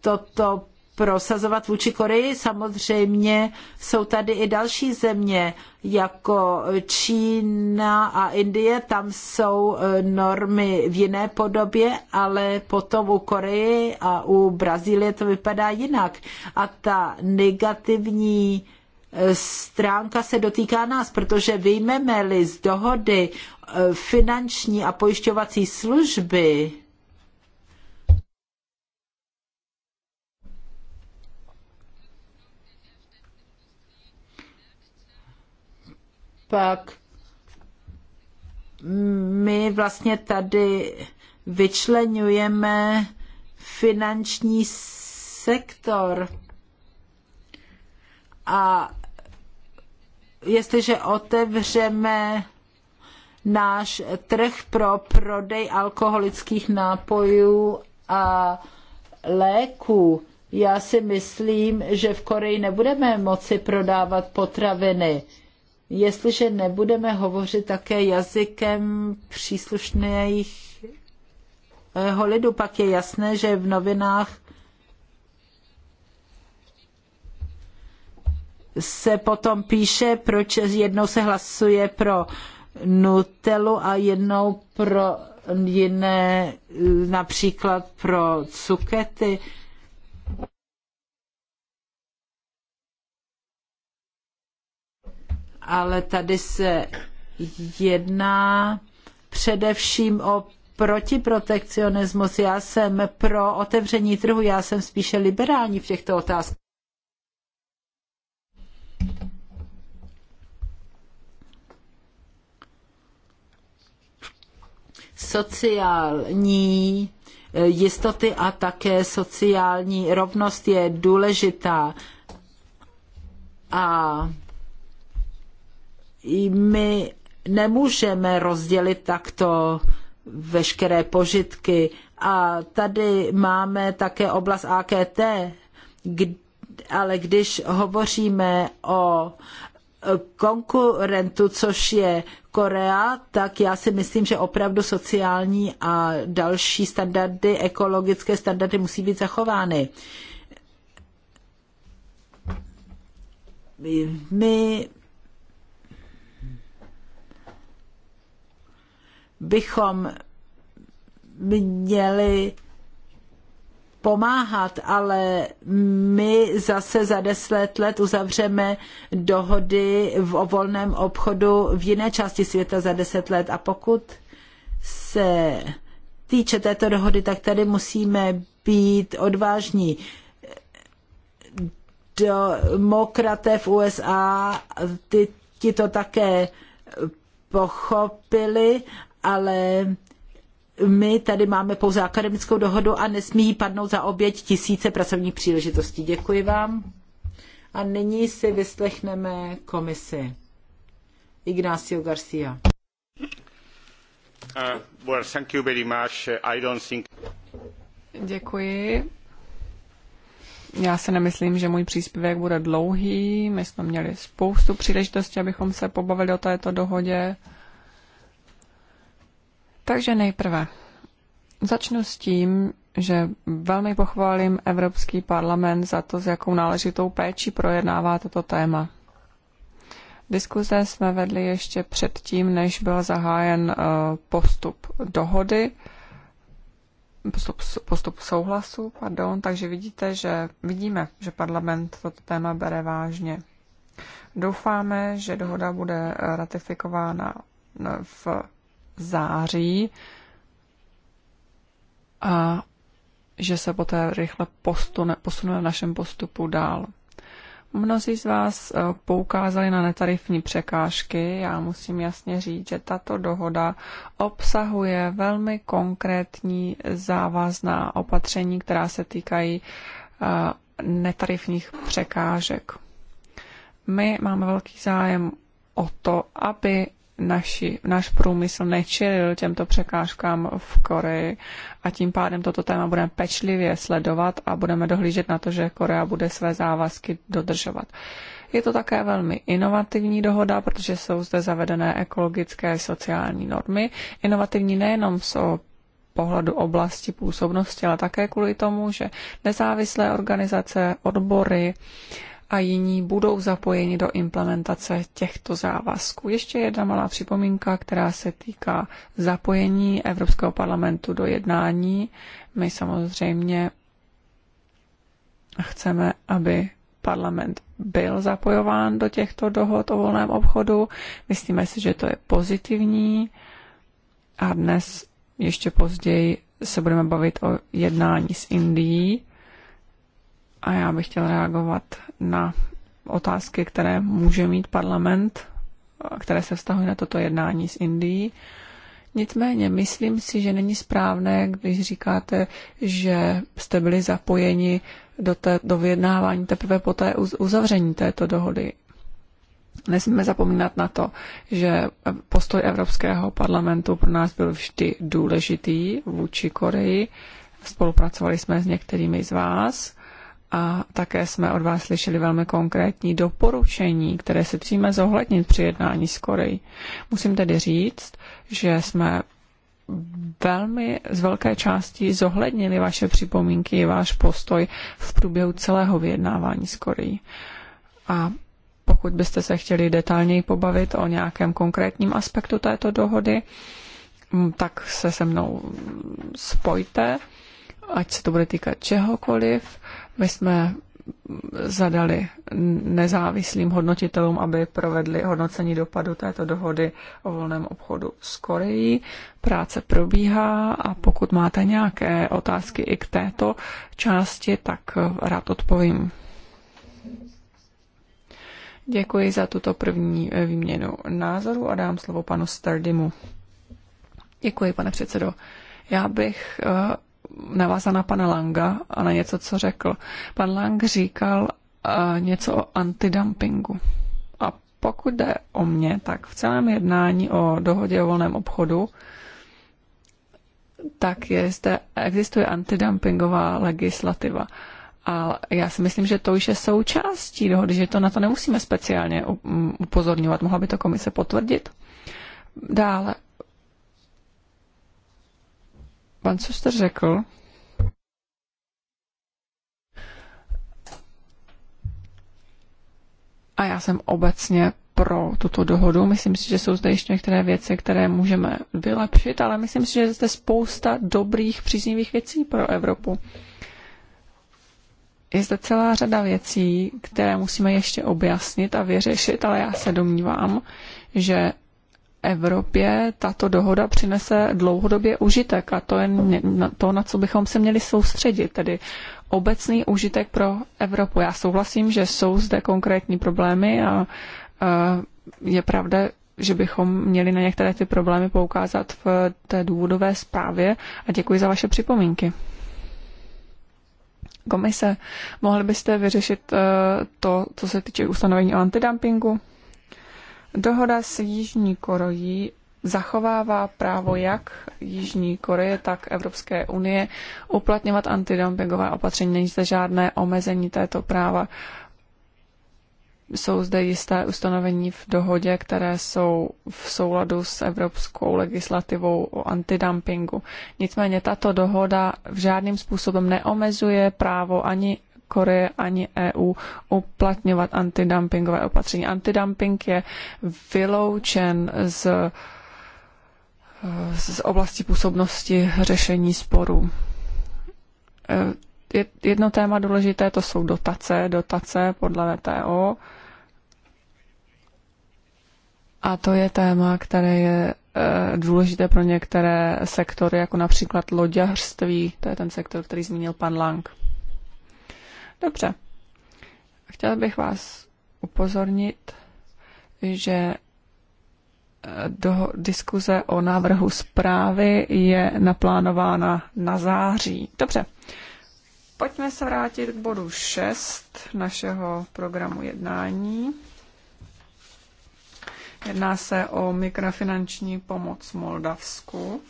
toto prosazovat vůči Koreji. Samozřejmě jsou tady i další země, jako Čína a Indie, tam jsou e, normy v jiné podobě, ale potom u Koreji a u Brazílie to vypadá jinak. A ta negativní e, stránka se dotýká nás, protože vyjmeme-li z dohody e, finanční a pojišťovací služby, pak my vlastně tady vyčlenujeme finanční sektor a jestliže otevřeme náš trh pro prodej alkoholických nápojů a léků, já si myslím, že v Koreji nebudeme moci prodávat potraviny jestliže nebudeme hovořit také jazykem příslušných eh, lidu, pak je jasné, že v novinách se potom píše, proč jednou se hlasuje pro Nutelu a jednou pro jiné, eh, například pro cukety. ale tady se jedná především o protiprotekcionismus. Já jsem pro otevření trhu, já jsem spíše liberální v těchto otázkách. Sociální eh, jistoty a také sociální rovnost je důležitá. A my nemůžeme rozdělit takto veškeré požitky. A tady máme také oblast AKT, ale když hovoříme o konkurentu, což je Korea, tak já si myslím, že opravdu sociální a další standardy, ekologické standardy musí být zachovány. My bychom měli pomáhat, ale my zase za deset let uzavřeme dohody o volném obchodu v jiné části světa za deset let. A pokud se týče této dohody, tak tady musíme být odvážní. Demokraté v USA ty, ti to také pochopili ale my tady máme pouze akademickou dohodu a nesmí jí padnout za oběť tisíce pracovních příležitostí. Děkuji vám. A nyní si vyslechneme komisi. Ignacio Garcia. Uh, well, thank you very much. I don't think... Děkuji. Já se nemyslím, že můj příspěvek bude dlouhý. My jsme měli spoustu příležitostí, abychom se pobavili o této dohodě. Takže nejprve začnu s tím, že velmi pochválím Evropský parlament za to, s jakou náležitou péčí projednává toto téma. Diskuze jsme vedli ještě předtím, než byl zahájen eh, postup dohody, postup, postup souhlasu, pardon, takže vidíte, že vidíme, že parlament toto téma bere vážně. Doufáme, že dohoda bude ratifikována eh, v září a že se poté rychle postune, posune v našem postupu dál. Mnozí z vás eh, poukázali na netarifní překážky. Já musím jasně říct, že tato dohoda obsahuje velmi konkrétní závazná opatření, která se týkají eh, netarifních překážek. My máme velký zájem o to, aby naši, náš průmysl nečelil těmto překážkám v Koreji a tím pádem toto téma budeme pečlivě sledovat a budeme dohlížet na to, že Korea bude své závazky dodržovat. Je to také velmi inovativní dohoda, protože jsou zde zavedené ekologické a sociální normy. Inovativní nejenom jsou pohledu oblasti působnosti, ale také kvůli tomu, že nezávislé organizace, odbory a jiní budou zapojeni do implementace těchto závazků. Ještě jedna malá připomínka, která se týká zapojení Evropského parlamentu do jednání. My samozřejmě chceme, aby parlament byl zapojován do těchto dohod o volném obchodu. Myslíme si, že to je pozitivní a dnes ještě později se budeme bavit o jednání s Indií a já bych chtěl reagovat na otázky, které může mít parlament, které se vztahují na toto jednání s Indií. Nicméně, myslím si, že není správné, když říkáte, že jste byli zapojeni do, té, do vyjednávání teprve po té uzavření této dohody. Nesmíme zapomínat na to, že postoj Evropského parlamentu pro nás byl vždy důležitý vůči Koreji. Spolupracovali jsme s některými z vás a také jsme od vás slyšeli velmi konkrétní doporučení, které se přijme zohlednit při jednání s Koreji. Musím tedy říct, že jsme velmi z velké části zohlednili vaše připomínky, váš postoj v průběhu celého vyjednávání s Koreji. A pokud byste se chtěli detailněji pobavit o nějakém konkrétním aspektu této dohody, tak se se mnou spojte, ať se to bude týkat čehokoliv my jsme zadali nezávislým hodnotitelům, aby provedli hodnocení dopadu této dohody o volném obchodu s Koreí. Práce probíhá a pokud máte nějaké otázky i k této části, tak rád odpovím. Děkuji za tuto první výměnu názoru a dám slovo panu Stardimu. Děkuji, pane předsedo. Já bych eh, navázá na pana Langa a na něco, co řekl. Pan Lang říkal eh, něco o antidumpingu. A pokud jde o mě, tak v celém jednání o dohodě o volném obchodu tak je zde, existuje antidumpingová legislativa. A já si myslím, že to už je součástí dohody, že to na to nemusíme speciálně upozorňovat. Mohla by to komise potvrdit? Dále pan Suster řekl, a já jsem obecně pro tuto dohodu. Myslím si, že jsou zde ještě některé věci, které můžeme vylepšit, ale myslím si, že je zde spousta dobrých, příznivých věcí pro Evropu. Je zde celá řada věcí, které musíme ještě objasnit a vyřešit, ale já se domnívám, že Evropě tato dohoda přinese dlouhodobě užitek a to je to, na co bychom se měli soustředit, tedy obecný užitek pro Evropu. Já souhlasím, že jsou zde konkrétní problémy a, je pravda, že bychom měli na některé ty problémy poukázat v té důvodové zprávě a děkuji za vaše připomínky. Komise, mohli byste vyřešit eh, to, co se týče ustanovení o antidumpingu? Dohoda s Jižní Korojí zachovává právo jak Jižní Koreje, tak Evropské unie uplatňovat antidumpingové opatření. Není zde žádné omezení této práva. Jsou zde jisté ustanovení v dohodě, které jsou v souladu s evropskou legislativou o antidumpingu. Nicméně tato dohoda v žádným způsobem neomezuje právo ani Koreje ani EU uplatňovat antidumpingové opatření. Antidumping je vyloučen z, z oblasti působnosti řešení sporů. E, jedno téma důležité to jsou dotace, dotace podle VTO. A to je téma, které je e, důležité pro některé sektory, jako například loďařství, to je ten sektor, který zmínil pan Lang. Dobře. Chtěla bych vás upozornit, že eh, do diskuze o návrhu zprávy je naplánována na září. Dobře. Pojďme se vrátit k bodu 6 našeho programu jednání. Jedná se o mikrofinanční pomoc Moldavsku.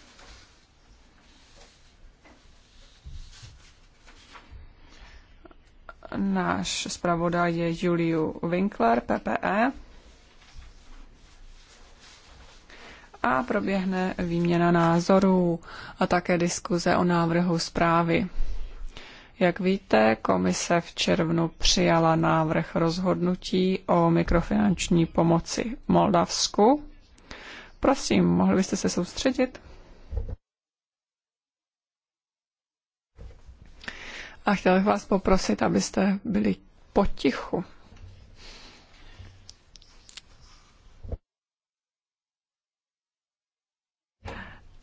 Náš zpravodaj je Juliu Winkler, PPE. A proběhne výměna názorů a také diskuze o návrhu zprávy. Jak víte, komise v červnu přijala návrh rozhodnutí o mikrofinanční pomoci Moldavsku. Prosím, mohli byste se soustředit? a chtěla bych vás poprosit, abyste byli potichu.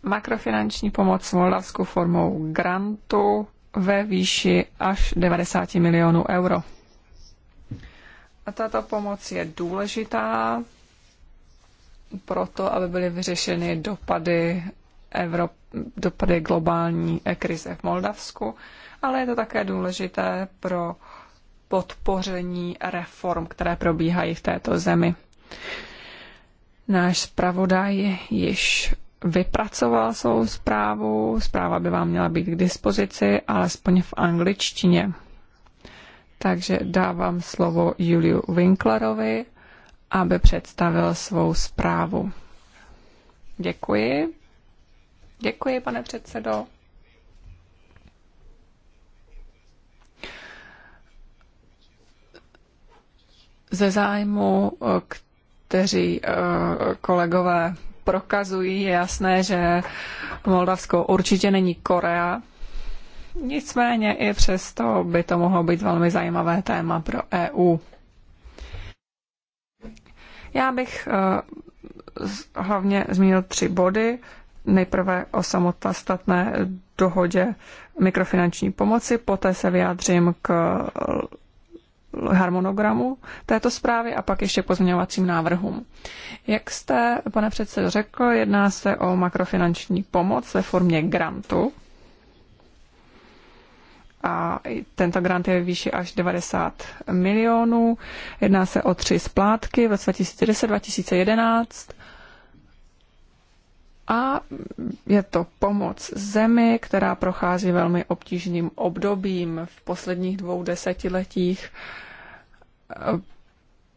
Makrofinanční pomoc Moldavsku formou grantu ve výši až 90 milionů euro. A tato pomoc je důležitá proto, aby byly vyřešeny dopady, Evrop, dopady globální krize v Moldavsku ale je to také důležité pro podpoření reform, které probíhají v této zemi. Náš zpravodaj již vypracoval svou zprávu. Zpráva by vám měla být k dispozici, alespoň v angličtině. Takže dávám slovo Juliu Winklerovi, aby představil svou zprávu. Děkuji. Děkuji, pane předsedo. ze zájmu, eh, kteří eh, kolegové prokazují, je jasné, že Moldavsko určitě není Korea. Nicméně i přesto by to mohlo být velmi zajímavé téma pro EU. Já bych eh, hlavně zmínil tři body. Nejprve o samotné dohodě mikrofinanční pomoci, poté se vyjádřím k harmonogramu této zprávy a pak ještě k pozměňovacím návrhům. Jak jste, pane předsedo, řekl, jedná se o makrofinanční pomoc ve formě grantu. A tento grant je výši až 90 milionů. Jedná se o tři splátky v roce 2010, 2011 a je to pomoc zemi, která prochází velmi obtížným obdobím v posledních dvou desetiletích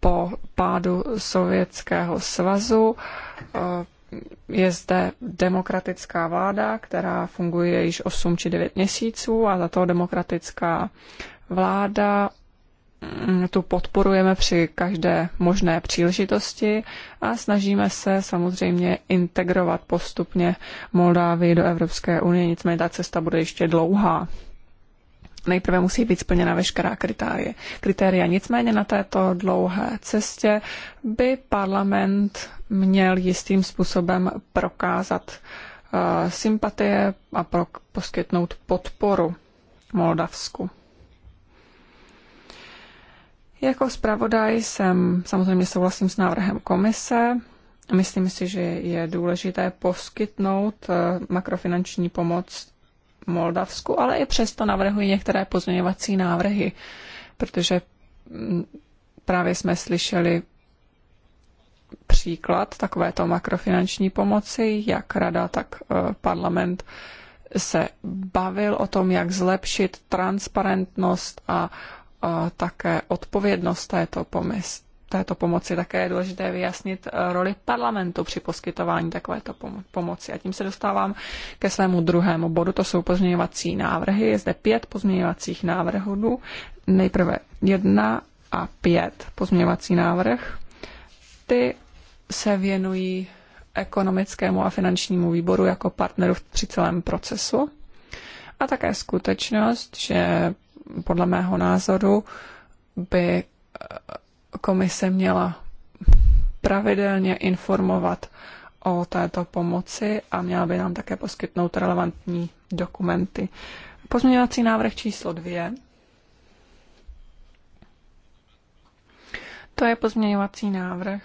po pádu Sovětského svazu. Je zde demokratická vláda, která funguje již 8 či 9 měsíců a za to demokratická vláda mm, tu podporujeme při každé možné příležitosti a snažíme se samozřejmě integrovat postupně Moldávii do Evropské unie, nicméně ta cesta bude ještě dlouhá nejprve musí být splněna veškerá kritérie. kritéria. Nicméně na této dlouhé cestě by parlament měl jistým způsobem prokázat uh, sympatie a pro, poskytnout podporu Moldavsku. Jako zpravodaj jsem samozřejmě souhlasím s návrhem komise. Myslím si, že je důležité poskytnout uh, makrofinanční pomoc Moldavsku, ale i přesto navrhuji některé pozměňovací návrhy, protože mm, právě jsme slyšeli příklad takovéto makrofinanční pomoci, jak rada, tak e, parlament se bavil o tom, jak zlepšit transparentnost a, a také odpovědnost této pomis, této pomoci také je důležité vyjasnit eh, roli parlamentu při poskytování takovéto pomoci. A tím se dostávám ke svému druhému bodu, to jsou pozměňovací návrhy. Je zde pět pozměňovacích návrhů. Nejprve jedna a pět pozměňovací návrh. Ty se věnují ekonomickému a finančnímu výboru jako partneru při celém procesu. A také skutečnost, že podle mého názoru by eh, komise měla pravidelně informovat o této pomoci a měla by nám také poskytnout relevantní dokumenty. Pozměňovací návrh číslo dvě. To je pozměňovací návrh,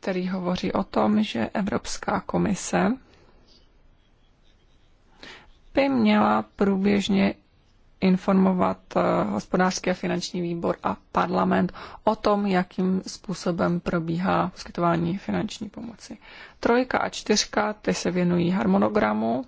který hovoří o tom, že Evropská komise by měla průběžně informovat eh, hospodářský a finanční výbor a parlament o tom, jakým způsobem probíhá poskytování finanční pomoci. Trojka a čtyřka, ty se věnují harmonogramu,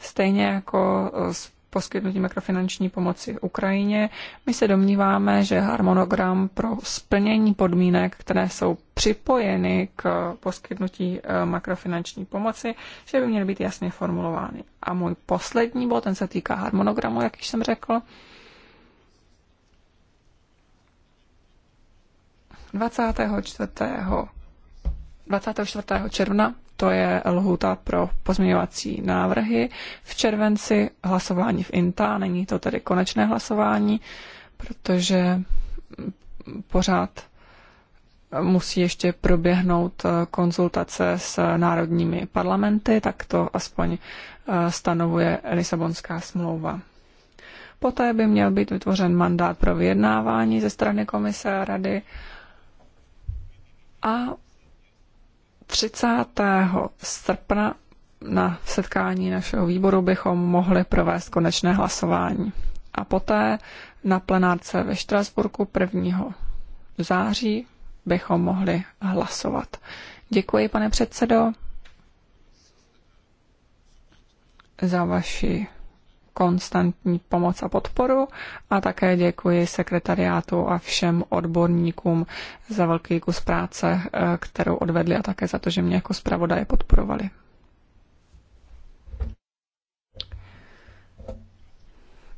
stejně jako eh, poskytnutí makrofinanční pomoci Ukrajině. My se domníváme, že harmonogram pro splnění podmínek, které jsou připojeny k poskytnutí eh, makrofinanční pomoci, že by měly být jasně formulovány. A můj poslední bod, ten se týká harmonogramu, jak již jsem řekl. 24. 24. června to je lhuta pro pozměňovací návrhy. V červenci hlasování v INTA, není to tedy konečné hlasování, protože pořád musí ještě proběhnout eh, konzultace s národními parlamenty, tak to aspoň eh, stanovuje Lisabonská smlouva. Poté by měl být vytvořen mandát pro vyjednávání ze strany komise a rady a 30. srpna na setkání našeho výboru bychom mohli provést konečné hlasování. A poté na plenárce ve Štrasburku 1. září bychom mohli hlasovat. Děkuji, pane předsedo, za vaši konstantní pomoc a podporu a také děkuji sekretariátu a všem odborníkům za velký kus práce, eh, kterou odvedli a také za to, že mě jako zpravodaje podporovali.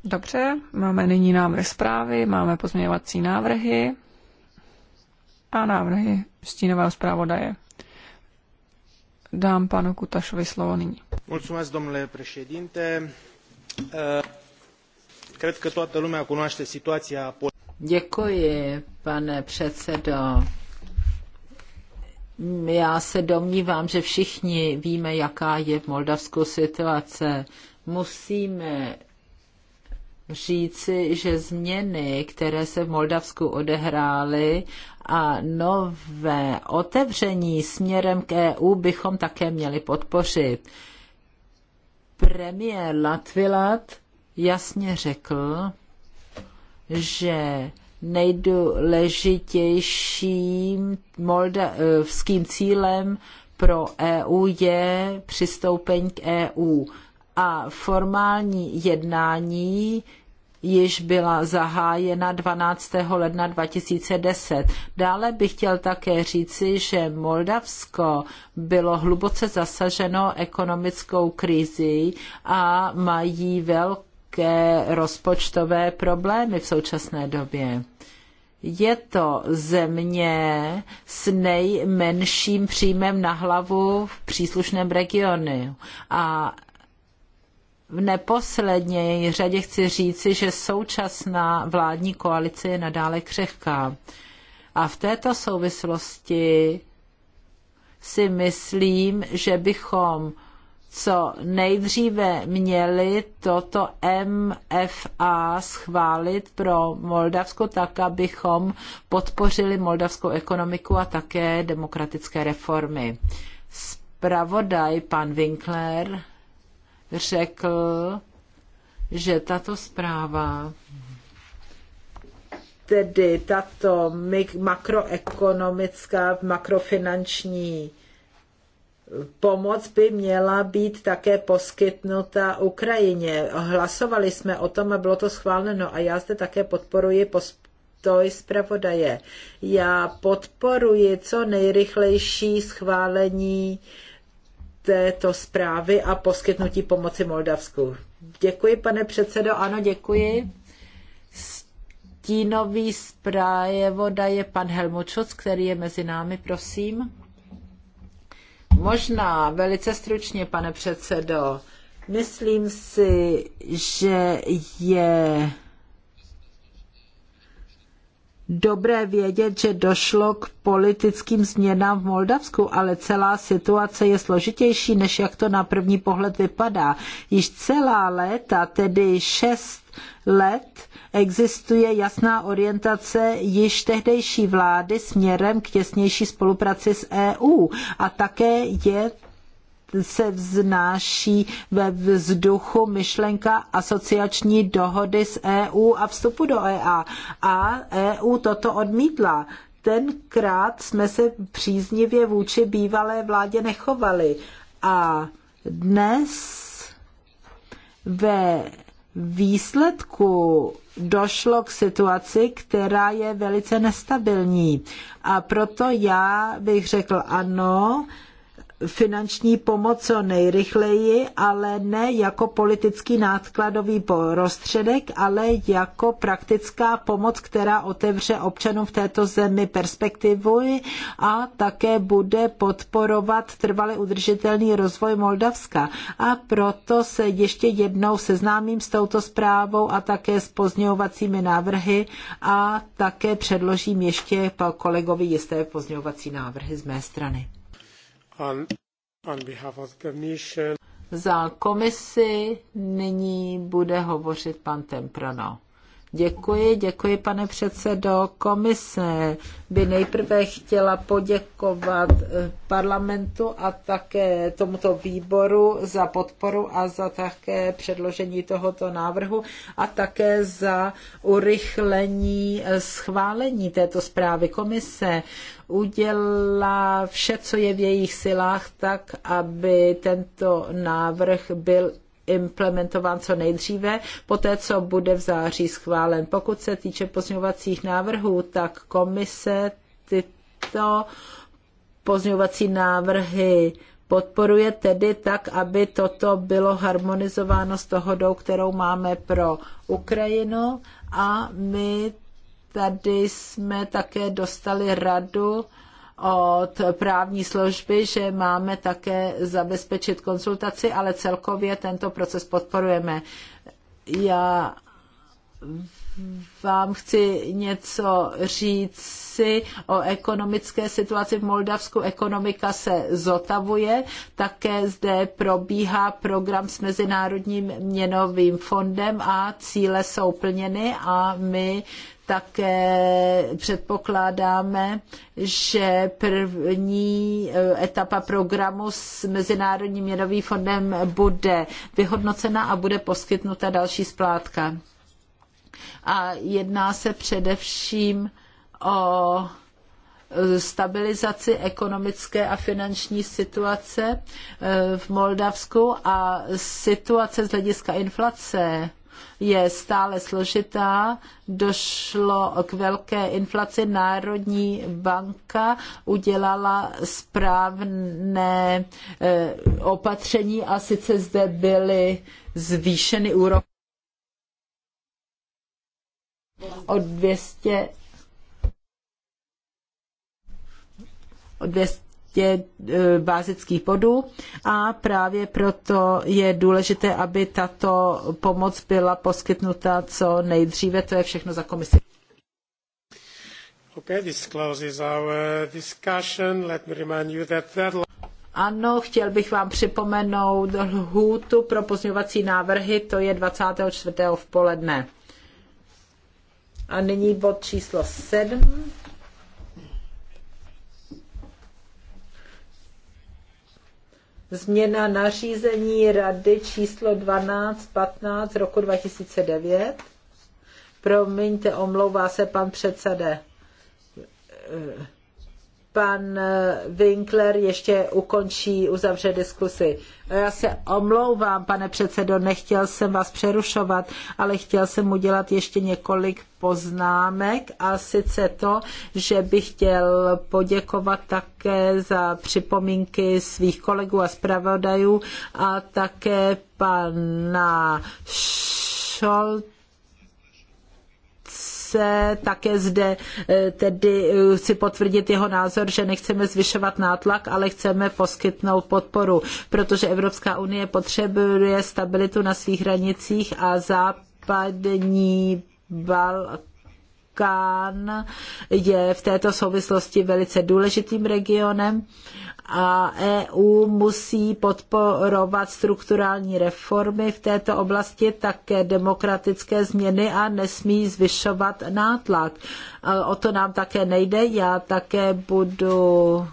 Dobře, máme nyní návrh zprávy, máme pozměňovací návrhy a návrhy stínového zpravodaje. Dám panu Kutašovi slovo nyní. Mulțumesc, domnule președinte. Eh, cred că toată lumea cunoaște situația Děkuji, pane předsedo. Já se domnívám, že všichni víme, jaká je v Moldavsku situace. Musíme říci, že změny, které se v Moldavsku odehrály a nové otevření směrem k EU bychom také měli podpořit. Premiér Latvilat jasně řekl, že nejdůležitějším moldavským cílem pro EU je přistoupení k EU. A formální jednání již byla zahájena 12. ledna 2010. Dále bych chtěl také říci, že Moldavsko bylo hluboce zasaženo ekonomickou krizí a mají velké rozpočtové problémy v současné době. Je to země s nejmenším příjmem na hlavu v příslušném regionu a v neposlední řadě chci říci, že současná vládní koalice je nadále křehká. A v této souvislosti si myslím, že bychom co nejdříve měli toto MFA schválit pro Moldavsko tak, abychom podpořili moldavskou ekonomiku a také demokratické reformy. Spravodaj pan Winkler řekl, že tato zpráva tedy tato makroekonomická, makrofinanční eh, pomoc by měla být také poskytnuta Ukrajině. Hlasovali jsme o tom a bylo to schváleno a já zde také podporuji postoj zpravodaje. Já podporuji co nejrychlejší schválení uh, této zprávy a poskytnutí pomoci Moldavsku. Děkuji, pane předsedo. Ano, děkuji. Stínový zprávoda je pan Helmut Schutz, který je mezi námi, prosím. Možná velice stručně, pane předsedo. Myslím si, že je dobré vědět, že došlo k politickým změnám v Moldavsku, ale celá situace je složitější, než jak to na první pohled vypadá. Již celá léta, tedy šest let, existuje jasná orientace již tehdejší vlády směrem k těsnější spolupráci s EU. A také je se vznáší ve vzduchu myšlenka asociační dohody s EU a vstupu do EA. A EU toto odmítla. Tenkrát jsme se příznivě vůči bývalé vládě nechovali. A dnes ve výsledku došlo k situaci, která je velice nestabilní. A proto já bych řekl ano, finanční pomoc co nejrychleji, ale ne jako politický nákladový prostředek, ale jako praktická pomoc, která otevře občanům v této zemi perspektivu a také bude podporovat trvale udržitelný rozvoj Moldavska. A proto se ještě jednou seznámím s touto zprávou a také s pozňovacími návrhy a také předložím ještě kolegovi jisté pozňovací návrhy z mé strany. Za komisi nyní bude hovořit pan Temprano. Děkuji, děkuji pane předsedo. Komise by nejprve chtěla poděkovat eh, parlamentu a také tomuto výboru za podporu a za také předložení tohoto návrhu a také za urychlení eh, schválení této zprávy. Komise udělá vše, co je v jejich silách, tak, aby tento návrh byl implementován co nejdříve, poté co bude v září schválen. Pokud se týče pozměňovacích návrhů, tak komise tyto pozměňovací návrhy podporuje tedy tak, aby toto bylo harmonizováno s dohodou, kterou máme pro Ukrajinu a my tady jsme také dostali radu od právní služby, že máme také zabezpečit konzultaci, ale celkově tento proces podporujeme. Já vám chci něco říci o ekonomické situaci v Moldavsku. Ekonomika se zotavuje, také zde probíhá program s Mezinárodním měnovým fondem a cíle jsou plněny a my také předpokládáme, že první e, etapa programu s Mezinárodním měnovým fondem bude vyhodnocena a bude poskytnuta další splátka. A jedná se především o stabilizaci ekonomické a finanční situace e, v Moldavsku a situace z hlediska inflace je stále složitá. Došlo k velké inflaci. Národní banka udělala správné eh, opatření a sice zde byly zvýšeny úroky o 200 o 200 je bázických bodů a právě proto je důležité, aby tato pomoc byla poskytnuta co nejdříve. To je všechno za komisi. Okay, this closes our discussion. Let me remind you that that ano, chtěl bych vám připomenout lhůtu pro pozměňovací návrhy, to je 24. v poledne. A nyní bod číslo 7. změna nařízení Rady číslo 1215 roku 2009. Promiňte, omlouvá se pan předseda. Eh, pan eh, Winkler ještě ukončí, uzavře diskusi. Já se omlouvám, pane předsedo, nechtěl jsem vás přerušovat, ale chtěl jsem udělat ještě několik poznámek a sice to, že bych chtěl poděkovat také za připomínky svých kolegů a zpravodajů a také pana Šolt se také zde eh, tedy si eh, potvrdit jeho názor, že nechceme zvyšovat nátlak, ale chceme poskytnout podporu, protože Evropská unie potřebuje stabilitu na svých hranicích a západní Balkán Balkán je v této souvislosti velice důležitým regionem a EU musí podporovat strukturální reformy v této oblasti, také demokratické změny a nesmí zvyšovat nátlak. O to nám také nejde. Já také budu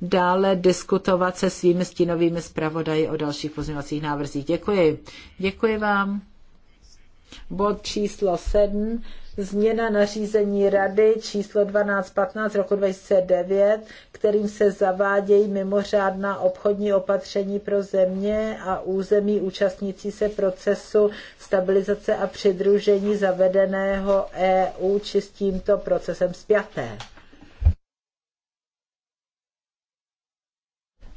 dále diskutovat se svými stínovými zpravodaji o dalších pozměňovacích návrzích. Děkuji. Děkuji vám. Bod číslo 7 změna nařízení Rady číslo 1215 roku 2009, kterým se zavádějí mimořádná obchodní opatření pro země a území účastnící se procesu stabilizace a přidružení zavedeného EU či s tímto procesem zpěté.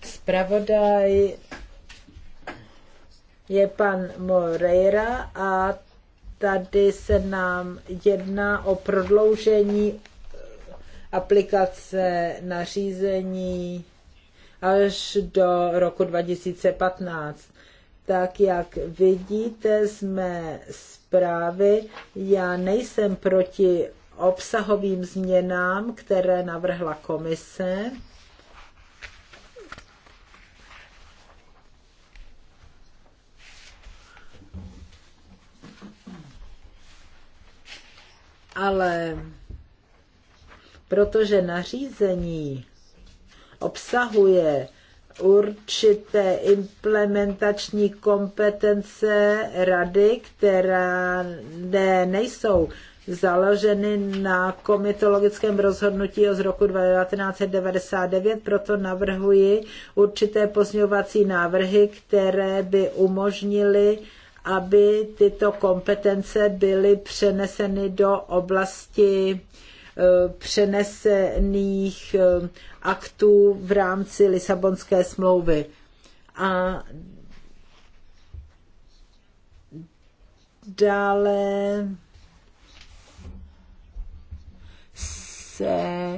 Spravodaj je pan Moreira a Tady se nám jedná o prodloužení eh, aplikace nařízení až do roku 2015. Tak jak vidíte z mé zprávy, já nejsem proti obsahovým změnám, které navrhla komise. ale protože nařízení obsahuje určité implementační kompetence rady, ne, nejsou založeny na komitologickém rozhodnutí z roku 1999, proto navrhuji určité pozměňovací návrhy, které by umožnily aby tyto kompetence byly přeneseny do oblasti eh, přenesených eh, aktů v rámci Lisabonské smlouvy. A dále se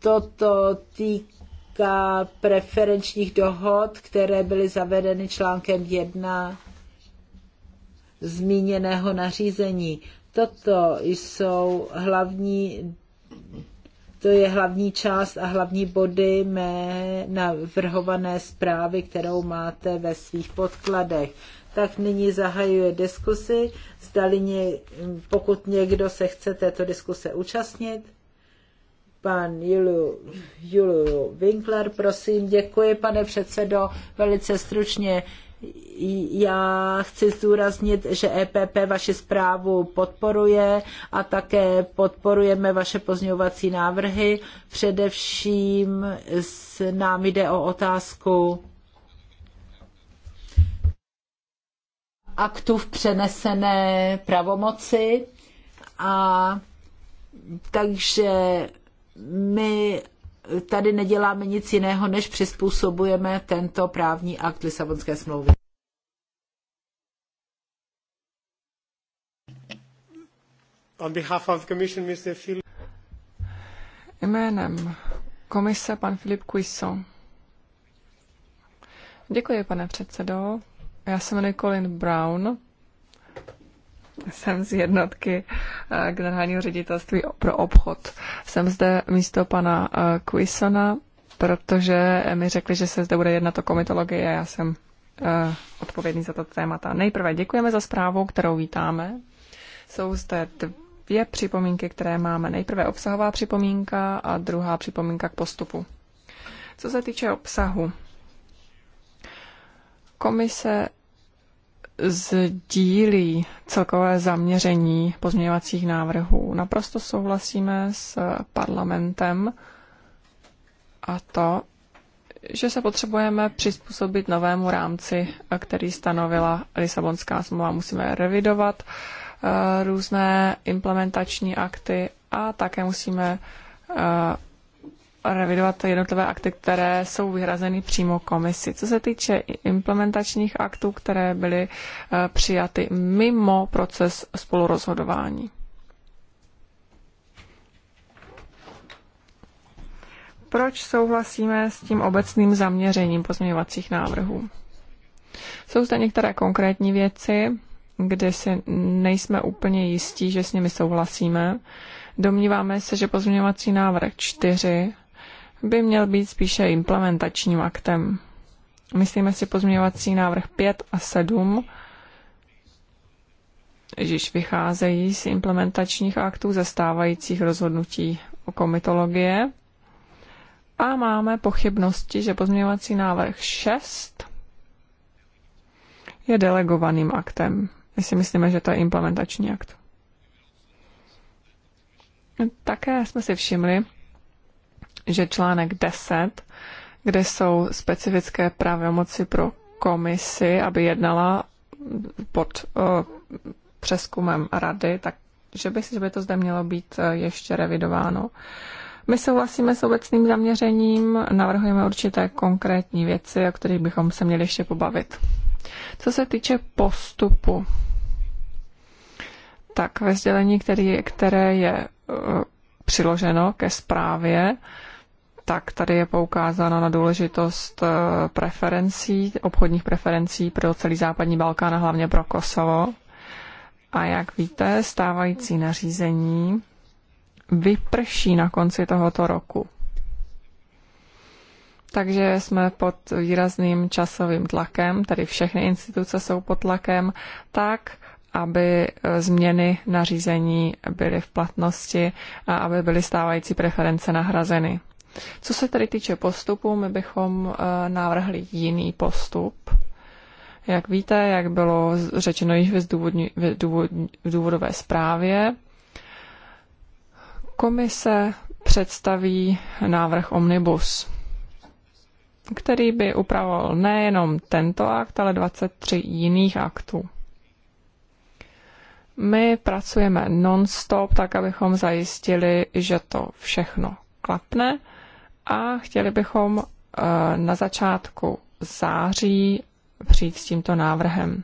toto týká týká preferenčních dohod, které byly zavedeny článkem 1 zmíněného nařízení. Toto jsou hlavní, to je hlavní část a hlavní body mé navrhované zprávy, kterou máte ve svých podkladech. Tak nyní zahajuje diskusy, Zdali, ně, pokud někdo se chce této diskuse účastnit, Pan Julu, Julu Winkler, prosím, děkuji, pane předsedo, velice stručně. Já chci zdůraznit, že EPP vaši zprávu podporuje a také podporujeme vaše pozňovací návrhy. Především s nám jde o otázku aktu v přenesené pravomoci a takže my tady neděláme nic jiného, než přizpůsobujeme tento právní akt Lisabonské smlouvy. On behalf of the commission, Mr. Phil... Jménem komise pan Filip Cuisson. Děkuji, pane předsedo. Já se jmenuji Colin Brown jsem z jednotky eh, generálního ředitelství pro obchod. Jsem zde místo pana eh, Quisona, protože mi řekli, že se zde bude jednat o komitologii a já jsem eh, odpovědný za to témata. Nejprve děkujeme za zprávu, kterou vítáme. Jsou zde dvě připomínky, které máme. Nejprve obsahová připomínka a druhá připomínka k postupu. Co se týče obsahu, komise sdílí celkové zaměření pozměňovacích návrhů. Naprosto souhlasíme s parlamentem a to, že se potřebujeme přizpůsobit novému rámci, který stanovila Lisabonská smlouva. Musíme revidovat eh, různé implementační akty a také musíme eh, revidovat jednotlivé akty, které jsou vyhrazeny přímo komisi. Co se týče implementačních aktů, které byly eh, přijaty mimo proces spolurozhodování. Proč souhlasíme s tím obecným zaměřením pozměňovacích návrhů? Jsou zde některé konkrétní věci, kde si nejsme úplně jistí, že s nimi souhlasíme. Domníváme se, že pozměňovací návrh 4 by měl být spíše implementačním aktem. Myslíme si pozměňovací návrh 5 a 7, již vycházejí z implementačních aktů zastávajících rozhodnutí o komitologie. A máme pochybnosti, že pozměňovací návrh 6 je delegovaným aktem. My si myslíme, že to je implementační akt. Také jsme si všimli, že článek 10, kde jsou specifické pravomoci pro komisi, aby jednala pod uh, přeskumem rady, tak že by, že by to zde mělo být eh, ještě revidováno. My souhlasíme s obecným zaměřením, navrhujeme určité konkrétní věci, o kterých bychom se měli ještě pobavit. Co se týče postupu, tak ve sdělení, který, které je eh, přiloženo ke zprávě, tak tady je poukázáno na důležitost eh, preferencí, obchodních preferencí pro celý západní Balkán a hlavně pro Kosovo. A jak víte, stávající nařízení vyprší na konci tohoto roku. Takže jsme pod výrazným časovým tlakem, tedy všechny instituce jsou pod tlakem, tak, aby eh, změny nařízení byly v platnosti a aby byly stávající preference nahrazeny. Co se tady týče postupu, my bychom eh, návrhli jiný postup. Jak víte, jak bylo řečeno již ve v důvodové zprávě, komise představí návrh Omnibus, který by upravoval nejenom tento akt, ale 23 jiných aktů. My pracujeme non-stop, tak abychom zajistili, že to všechno klapne a chtěli bychom eh, na začátku září přijít s tímto návrhem.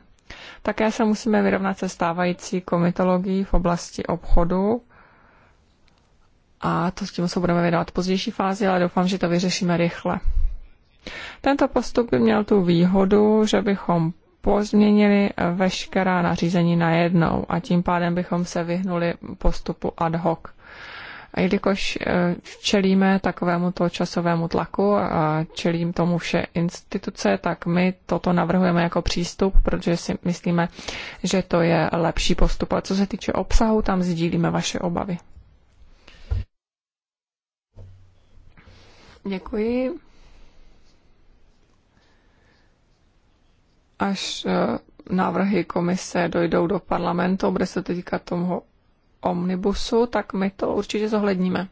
Také se musíme vyrovnat se stávající komitologií v oblasti obchodu a to s tím se budeme věnovat v pozdější fázi, ale doufám, že to vyřešíme rychle. Tento postup by měl tu výhodu, že bychom pozměnili eh, veškerá nařízení najednou a tím pádem bychom se vyhnuli postupu ad hoc. A jelikož eh, čelíme takovému to časovému tlaku a čelím tomu vše instituce, tak my toto navrhujeme jako přístup, protože si myslíme, že to je lepší postup. A co se týče obsahu, tam sdílíme vaše obavy. Děkuji. Až eh, návrhy komise dojdou do parlamentu, bude se to týkat toho omnibusu, tak my to určitě zohledníme.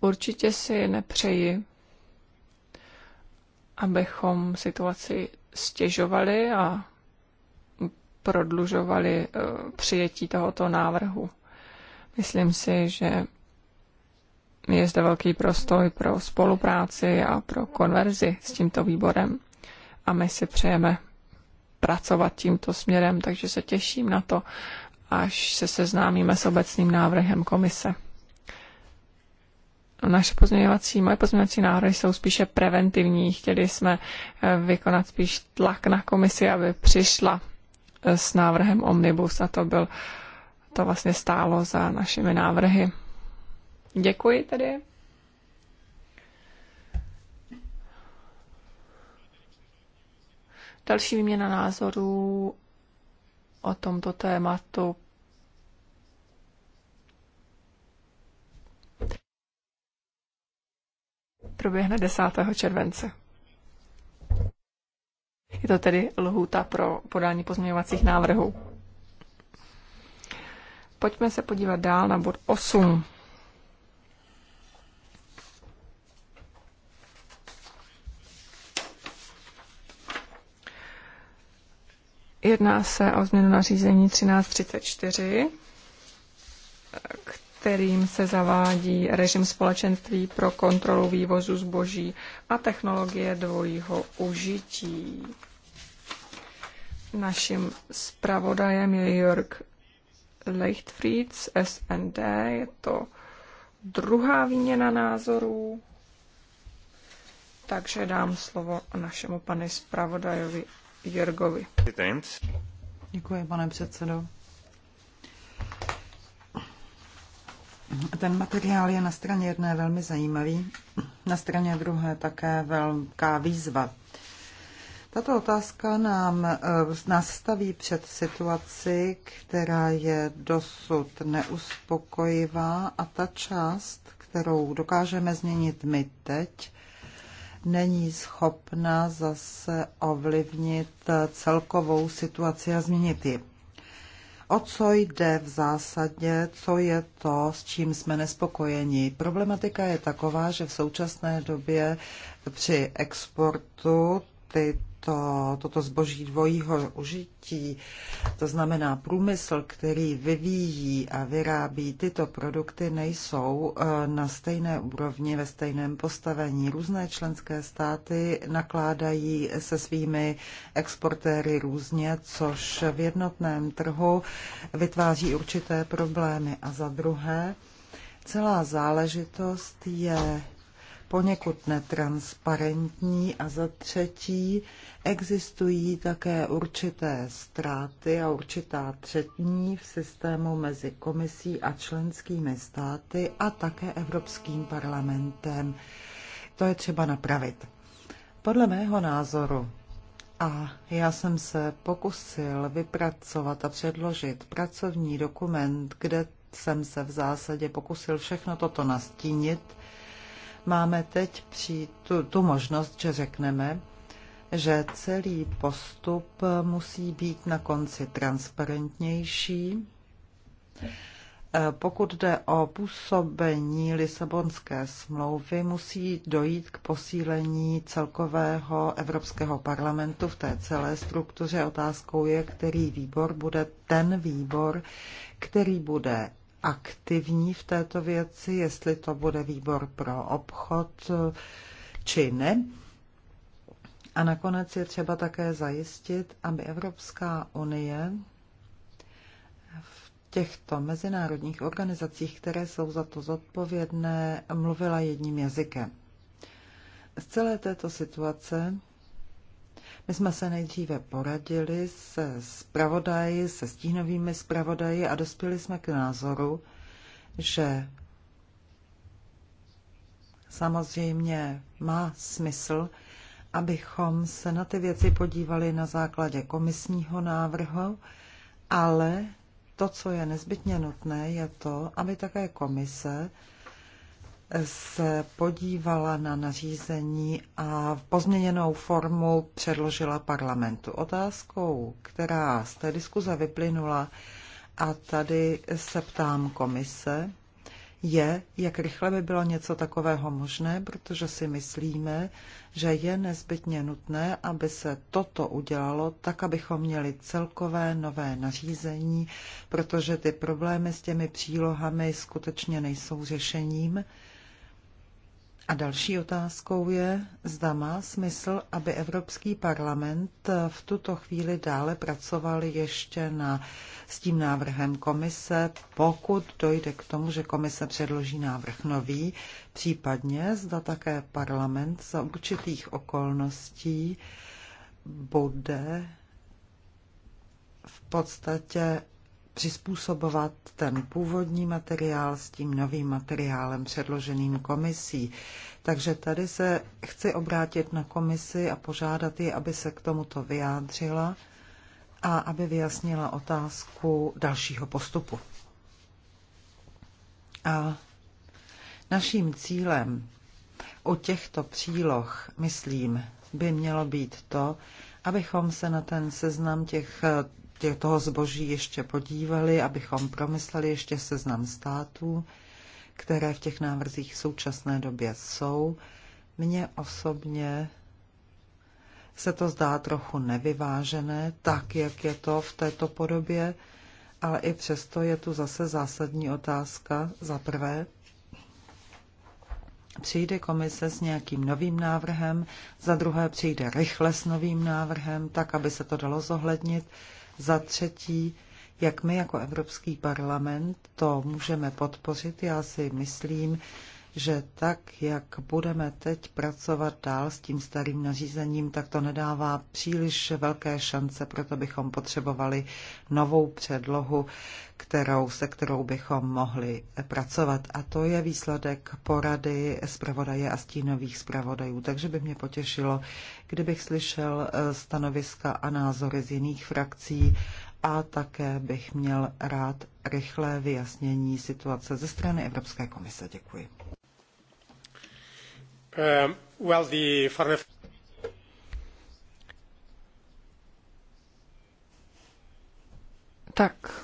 Určitě si nepřeji, abychom situaci stěžovali a prodlužovali eh, přijetí tohoto návrhu. Myslím si, že je zde velký prostor pro spolupráci a pro konverzi s tímto výborem. A my si přejeme pracovat tímto směrem, takže se těším na to, až se seznámíme s obecným návrhem komise. Naše pozměňovací, moje pozměňovací návrhy jsou spíše preventivní. Chtěli jsme eh, vykonat spíš tlak na komisi, aby přišla eh, s návrhem Omnibus a to byl to vlastně stálo za našimi návrhy. Děkuji tedy. Další výměna názorů o tomto tématu. Proběhne 10. července. Je to tedy lhůta pro podání pozměňovacích návrhů. Pojďme se podívat dál na bod 8. Jedná se o změnu nařízení 1334, kterým se zavádí režim společenství pro kontrolu vývozu zboží a technologie dvojího užití. Naším zpravodajem je Jörg Leichtfried z SND. Je to druhá výměna názorů. Takže dám slovo našemu panu zpravodajovi Jergovi. Děkuji, pane předsedo. Ten materiál je na straně jedné velmi zajímavý, na straně druhé také velká výzva. Tato otázka nám eh, nastaví před situaci, která je dosud neuspokojivá a ta část, kterou dokážeme změnit my teď, není schopna zase ovlivnit celkovou situaci a změnit ji. O co jde v zásadě, co je to, s čím jsme nespokojeni? Problematika je taková, že v současné době při exportu tyto, toto zboží dvojího užití, to znamená průmysl, který vyvíjí a vyrábí tyto produkty, nejsou eh, na stejné úrovni, ve stejném postavení. Různé členské státy nakládají se svými exportéry různě, což v jednotném trhu vytváří určité problémy. A za druhé, celá záležitost je poněkud netransparentní a za třetí existují také určité ztráty a určitá třetní v systému mezi komisí a členskými státy a také Evropským parlamentem. To je třeba napravit. Podle mého názoru a já jsem se pokusil vypracovat a předložit pracovní dokument, kde jsem se v zásadě pokusil všechno toto nastínit máme teď při tu, tu možnost, že řekneme, že celý postup musí být na konci transparentnější. Eh, pokud jde o působení Lisabonské smlouvy, musí dojít k posílení celkového Evropského parlamentu v té celé struktuře. Otázkou je, který výbor bude ten výbor, který bude aktivní v této věci, jestli to bude výbor pro obchod eh, či ne. A nakonec je třeba také zajistit, aby Evropská unie v těchto mezinárodních organizacích, které jsou za to zodpovědné, mluvila jedním jazykem. Z celé této situace my jsme se nejdříve poradili se zpravodaji, se stínovými zpravodaji a dospěli jsme k názoru, že samozřejmě má smysl, abychom se na ty věci podívali na základě komisního návrhu, ale to, co je nezbytně nutné, je to, aby také komise se podívala na nařízení a v pozměněnou formu předložila parlamentu. Otázkou, která z té diskuze vyplynula, a tady se ptám komise, je, jak rychle by bylo něco takového možné, protože si myslíme, že je nezbytně nutné, aby se toto udělalo tak, abychom měli celkové nové nařízení, protože ty problémy s těmi přílohami skutečně nejsou řešením a další otázkou je, zda má smysl, aby Evropský parlament v tuto chvíli dále pracoval ještě na, s tím návrhem komise, pokud dojde k tomu, že komise předloží návrh nový, případně zda také parlament za určitých okolností bude v podstatě přizpůsobovat ten původní materiál s tím novým materiálem předloženým komisí. Takže tady se chci obrátit na komisi a požádat ji, aby se k tomuto vyjádřila a aby vyjasnila otázku dalšího postupu. A naším cílem u těchto příloh, myslím, by mělo být to, abychom se na ten seznam těch toho zboží ještě podívali, abychom promysleli ještě seznam států, které v těch návrzích v současné době jsou. Mně osobně se to zdá trochu nevyvážené, tak jak je to v této podobě, ale i přesto je tu zase zásadní otázka. Za prvé, přijde komise s nějakým novým návrhem, za druhé přijde rychle s novým návrhem, tak, aby se to dalo zohlednit. Za třetí, jak my jako Evropský parlament to můžeme podpořit. Já si myslím, že tak, jak budeme teď pracovat dál s tím starým nařízením, tak to nedává příliš velké šance, proto bychom potřebovali novou předlohu, kterou, se kterou bychom mohli pracovat. A to je výsledek porady zpravodaje a stínových zpravodajů. Takže by mě potěšilo, kdybych slyšel eh, stanoviska a názory z jiných frakcí, a také bych měl rád rychlé vyjasnění situace ze strany Evropské komise. Děkuji. Um, tak,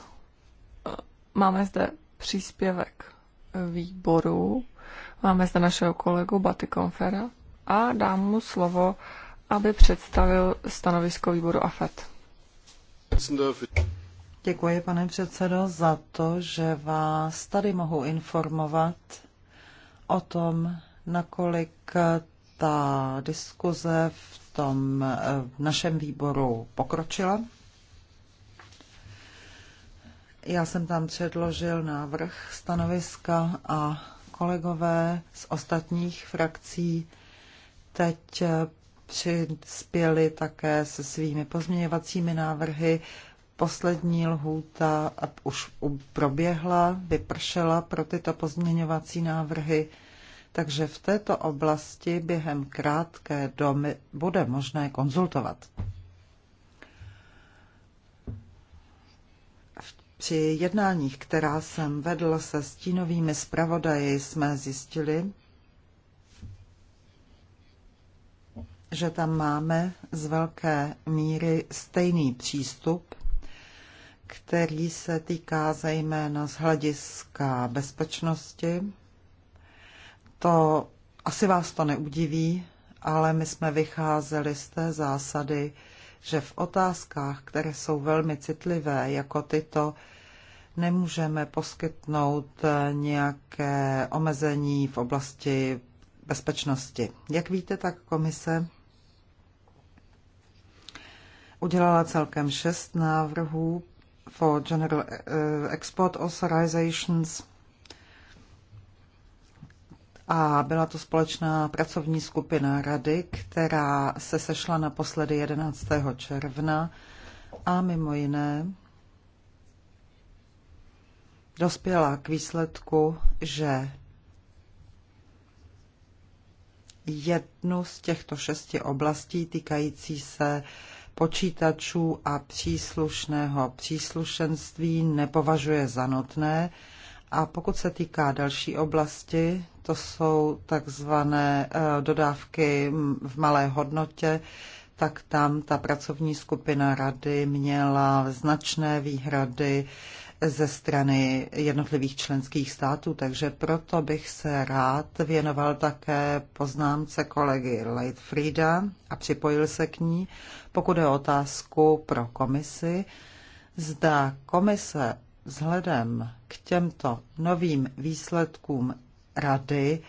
máme zde příspěvek výboru, máme zde našeho kolegu Baty Konfera a dám mu slovo, aby představil stanovisko výboru AFET. Děkuji, pane předsedo, za to, že vás tady mohu informovat o tom, nakolik eh, ta diskuze v tom eh, v našem výboru pokročila. Já jsem tam předložil návrh stanoviska a kolegové z ostatních frakcí teď eh, přispěli také se svými pozměňovacími návrhy. Poslední lhůta už proběhla, vypršela pro tyto pozměňovací návrhy takže v této oblasti během krátké doby bude možné konzultovat. Při jednáních, která jsem vedl se stínovými zpravodaji, jsme zjistili, že tam máme z velké míry stejný přístup, který se týká zejména z hlediska bezpečnosti to asi vás to neudiví, ale my jsme vycházeli z té zásady, že v otázkách, které jsou velmi citlivé, jako tyto, nemůžeme poskytnout eh, nějaké omezení v oblasti bezpečnosti. Jak víte, tak komise udělala celkem šest návrhů for General eh, Export Authorizations – a byla to společná pracovní skupina rady, která se sešla naposledy 11. června a mimo jiné dospěla k výsledku, že jednu z těchto šesti oblastí týkající se počítačů a příslušného příslušenství nepovažuje za nutné a pokud se týká další oblasti, to jsou takzvané eh, dodávky v malé hodnotě, tak tam ta pracovní skupina rady měla značné výhrady ze strany jednotlivých členských států, takže proto bych se rád věnoval také poznámce kolegy Leitfrieda a připojil se k ní, pokud je otázku pro komisi, zda komise vzhledem k těmto novým výsledkům rady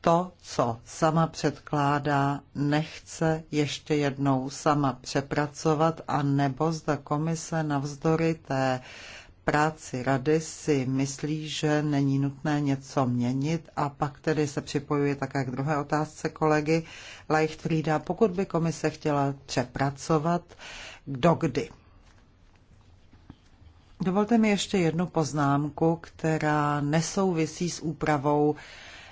to, co sama předkládá, nechce ještě jednou sama přepracovat a nebo zda komise navzdory té práci rady si myslí, že není nutné něco měnit a pak tedy se připojuje také k druhé otázce kolegy Leichtfrieda. Pokud by komise chtěla přepracovat, dokdy? Dovolte mi ještě jednu poznámku, která nesouvisí s úpravou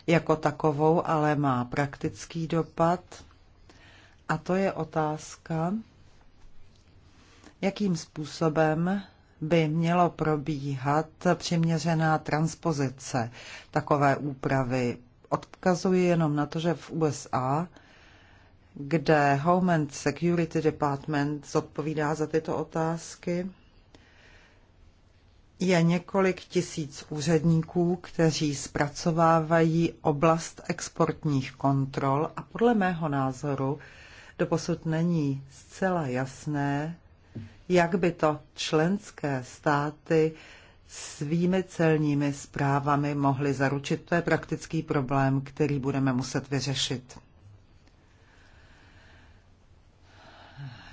jako takovou, ale má praktický dopad. A to je otázka, jakým způsobem by mělo probíhat přiměřená transpozice takové úpravy. Odkazuji jenom na to, že v USA, kde Homeland Security Department zodpovídá za tyto otázky, je několik tisíc úředníků, kteří zpracovávají oblast exportních kontrol a podle mého názoru doposud není zcela jasné, jak by to členské státy svými celními zprávami mohly zaručit. To je praktický problém, který budeme muset vyřešit.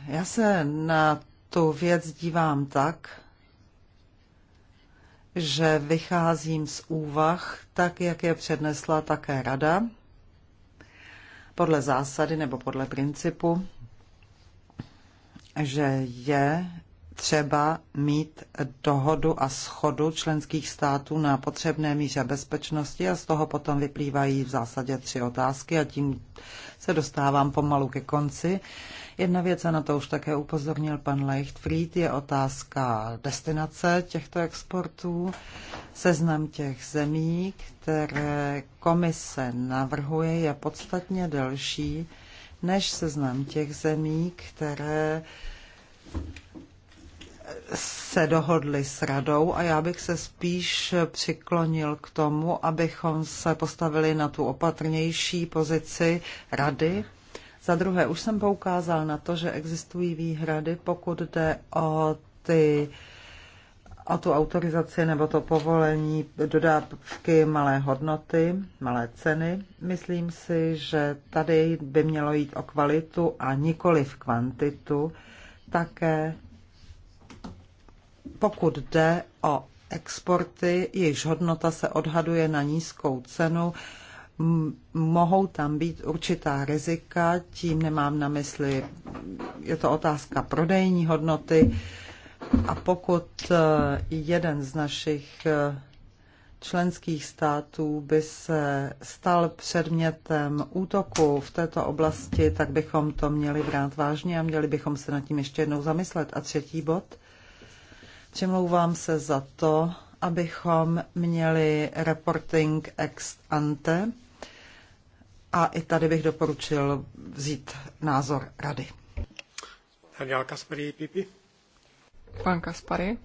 Já se na tu věc dívám tak, že vycházím z úvah, tak jak je přednesla také rada, podle zásady nebo podle principu, že je třeba mít dohodu a schodu členských států na potřebné míře bezpečnosti a z toho potom vyplývají v zásadě tři otázky a tím se dostávám pomalu ke konci. Jedna věc, a na to už také upozornil pan Leichtfried, je otázka destinace těchto exportů, seznam těch zemí, které komise navrhuje, je podstatně delší než seznam těch zemí, které se dohodli s radou a já bych se spíš přiklonil k tomu, abychom se postavili na tu opatrnější pozici rady. Za druhé, už jsem poukázal na to, že existují výhrady, pokud jde o ty o tu autorizaci nebo to povolení dodávky malé hodnoty, malé ceny. Myslím si, že tady by mělo jít o kvalitu a nikoli v kvantitu. Také pokud jde o exporty, jejichž hodnota se odhaduje na nízkou cenu, mohou tam být určitá rizika, tím nemám na mysli, je to otázka prodejní hodnoty. A pokud e, jeden z našich e, členských států by se stal předmětem útoku v této oblasti, tak bychom to měli brát vážně a měli bychom se nad tím ještě jednou zamyslet. A třetí bod – Přemlouvám se za to, abychom měli reporting ex ante a i tady bych doporučil vzít názor rady. Daniel Kaspary, Pipi. Pan Kaspary.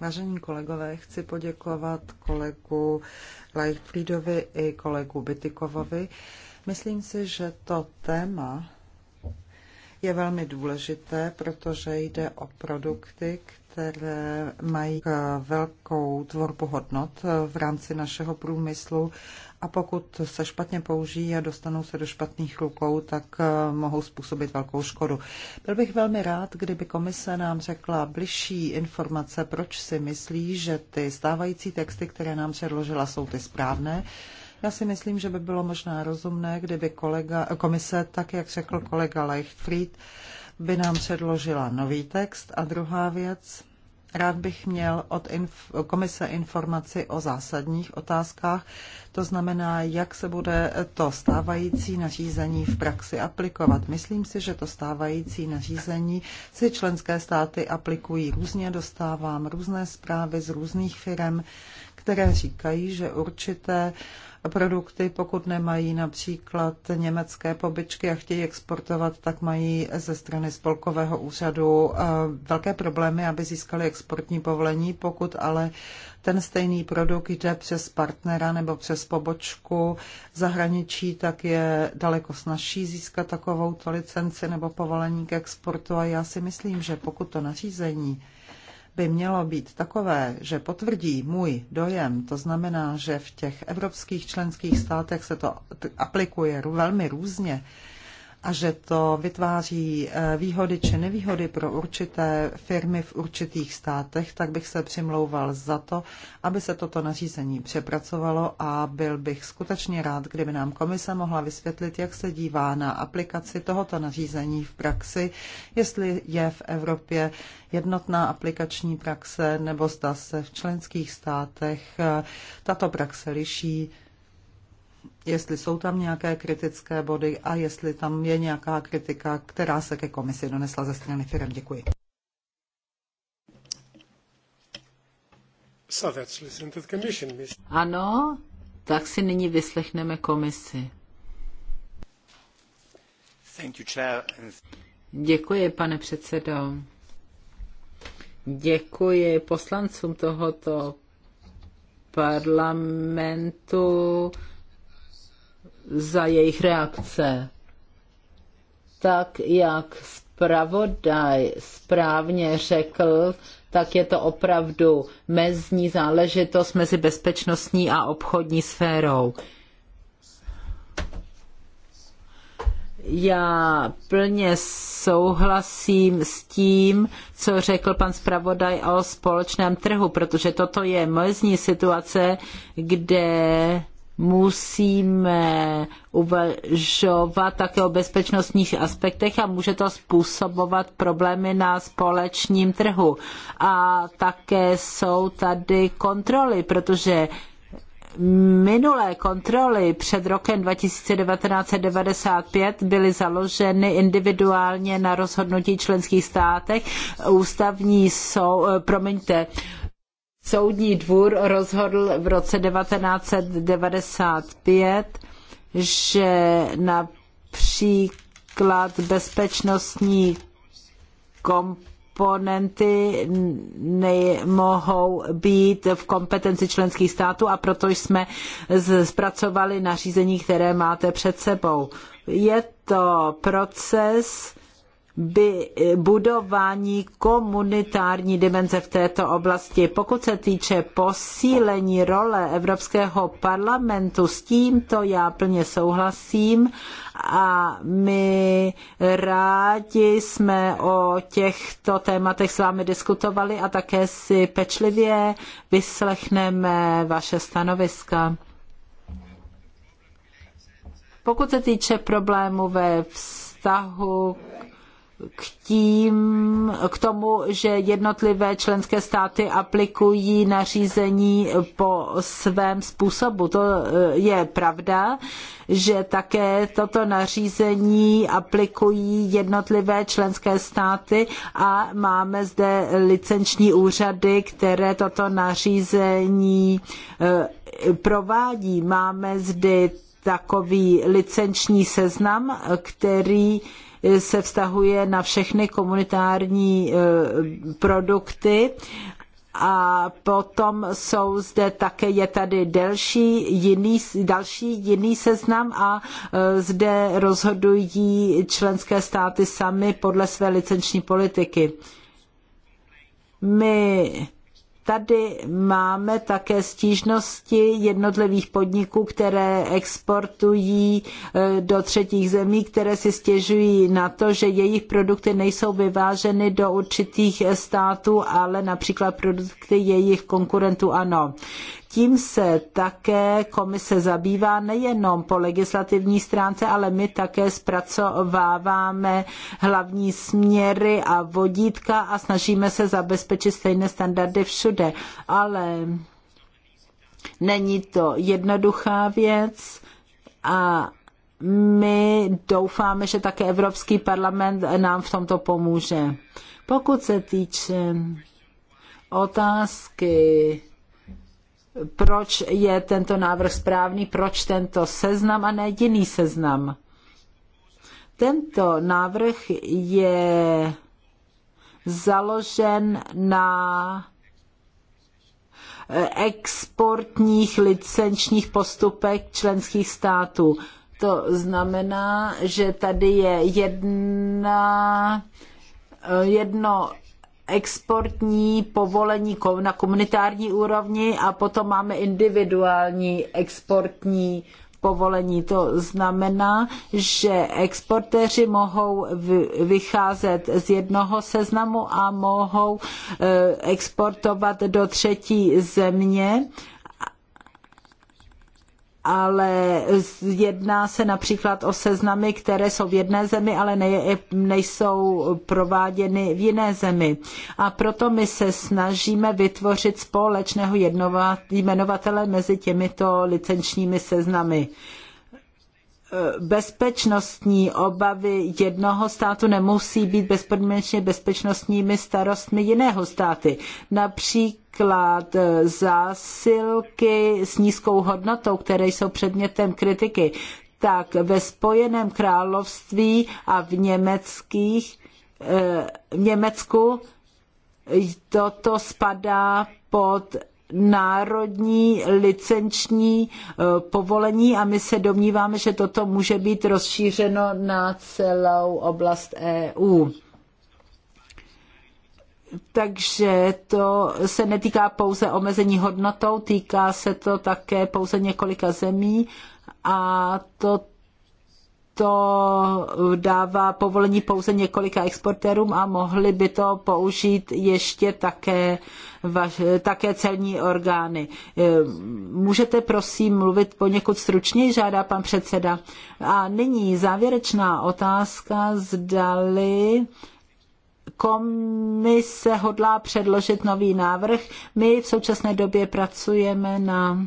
Vážení kolegové, chci poděkovat kolegu Leichtfriedovi i kolegu Bytykovovi. Myslím si, že to téma je velmi důležité, protože jde o produkty, které mají velkou tvorbu hodnot v rámci našeho průmyslu a pokud se špatně použijí a dostanou se do špatných rukou, tak eh, mohou způsobit velkou škodu. Byl bych velmi rád, kdyby komise nám řekla bližší informace, proč si myslí, že ty stávající texty, které nám předložila, jsou ty správné já si myslím, že by bylo možná rozumné, kdyby kolega, komise, tak jak řekl kolega Leichtfried, by nám předložila nový text. A druhá věc, rád bych měl od inf- komise informaci o zásadních otázkách, to znamená, jak se bude to stávající nařízení v praxi aplikovat. Myslím si, že to stávající nařízení si členské státy aplikují různě, dostávám různé zprávy z různých firm které říkají, že určité produkty, pokud nemají například německé pobyčky a chtějí exportovat, tak mají ze strany spolkového úřadu eh, velké problémy, aby získali exportní povolení. Pokud ale ten stejný produkt jde přes partnera nebo přes pobočku zahraničí, tak je daleko snažší získat takovou licenci nebo povolení k exportu. A já si myslím, že pokud to nařízení by mělo být takové, že potvrdí můj dojem, to znamená, že v těch evropských členských státech se to aplikuje velmi různě, a že to vytváří eh, výhody či nevýhody pro určité firmy v určitých státech, tak bych se přimlouval za to, aby se toto nařízení přepracovalo a byl bych skutečně rád, kdyby nám komise mohla vysvětlit, jak se dívá na aplikaci tohoto nařízení v praxi, jestli je v Evropě jednotná aplikační praxe nebo zda se v členských státech eh, tato praxe liší jestli jsou tam nějaké kritické body a jestli tam je nějaká kritika, která se ke komisi donesla ze strany firm. Děkuji. ano, tak si nyní vyslechneme komisi. Děkuji, pane předsedo. Děkuji poslancům tohoto parlamentu za jejich reakce. Tak jak zpravodaj správně řekl, tak je to opravdu mezní záležitost mezi bezpečnostní a obchodní sférou. Já plně souhlasím s tím, co řekl pan zpravodaj o společném trhu, protože toto je mezní situace, kde musíme uvažovat také o bezpečnostních aspektech a může to způsobovat problémy na společním trhu. A také jsou tady kontroly, protože minulé kontroly před rokem 1995 byly založeny individuálně na rozhodnutí členských státech. Ústavní jsou eh, promiňte, Soudní dvůr rozhodl v roce 1995, že například bezpečnostní komponenty nemohou být v kompetenci členských států a proto jsme zpracovali nařízení, které máte před sebou. Je to proces, by eh, budování komunitární dimenze v této oblasti. Pokud se týče posílení role Evropského parlamentu, s tímto já plně souhlasím a my rádi jsme o těchto tématech s vámi diskutovali a také si pečlivě vyslechneme vaše stanoviska. Pokud se týče problému ve vztahu k k, tím, k tomu, že jednotlivé členské státy aplikují nařízení po svém způsobu. To eh, je pravda, že také toto nařízení aplikují jednotlivé členské státy a máme zde licenční úřady, které toto nařízení eh, provádí. Máme zde takový licenční seznam, který se vztahuje na všechny komunitární e, produkty a potom jsou zde také, je tady delší, jiný, další jiný seznam a e, zde rozhodují členské státy sami podle své licenční politiky. My Tady máme také stížnosti jednotlivých podniků, které exportují eh, do třetích zemí, které si stěžují na to, že jejich produkty nejsou vyváženy do určitých států, ale například produkty jejich konkurentů ano tím se také komise zabývá nejenom po legislativní stránce, ale my také zpracováváme hlavní směry a vodítka a snažíme se zabezpečit stejné standardy všude. Ale není to jednoduchá věc a my doufáme, že také Evropský parlament nám v tomto pomůže. Pokud se týče otázky proč je tento návrh správný, proč tento seznam a ne jiný seznam. Tento návrh je založen na exportních licenčních postupech členských států. To znamená, že tady je jedna, eh, jedno exportní povolení na komunitární úrovni a potom máme individuální exportní povolení. To znamená, že exportéři mohou vycházet z jednoho seznamu a mohou eh, exportovat do třetí země ale jedná se například o seznamy, které jsou v jedné zemi, ale ne, nejsou prováděny v jiné zemi. A proto my se snažíme vytvořit společného jmenovatele mezi těmito licenčními seznamy. Eh, bezpečnostní obavy jednoho státu nemusí být bezpodmínečně bezpečnostními starostmi jiného státy. Například eh, zásilky s nízkou hodnotou, které jsou předmětem kritiky, tak ve Spojeném království a v, německých, eh, v Německu toto spadá pod národní licenční eh, povolení a my se domníváme, že toto může být rozšířeno na celou oblast EU. Takže to se netýká pouze omezení hodnotou, týká se to také pouze několika zemí a to to dává povolení pouze několika exportérům a mohli by to použít ještě také, také celní orgány. Eh, můžete prosím mluvit poněkud stručněji, žádá pan předseda. A nyní závěrečná otázka, zdali komise hodlá předložit nový návrh. My v současné době pracujeme na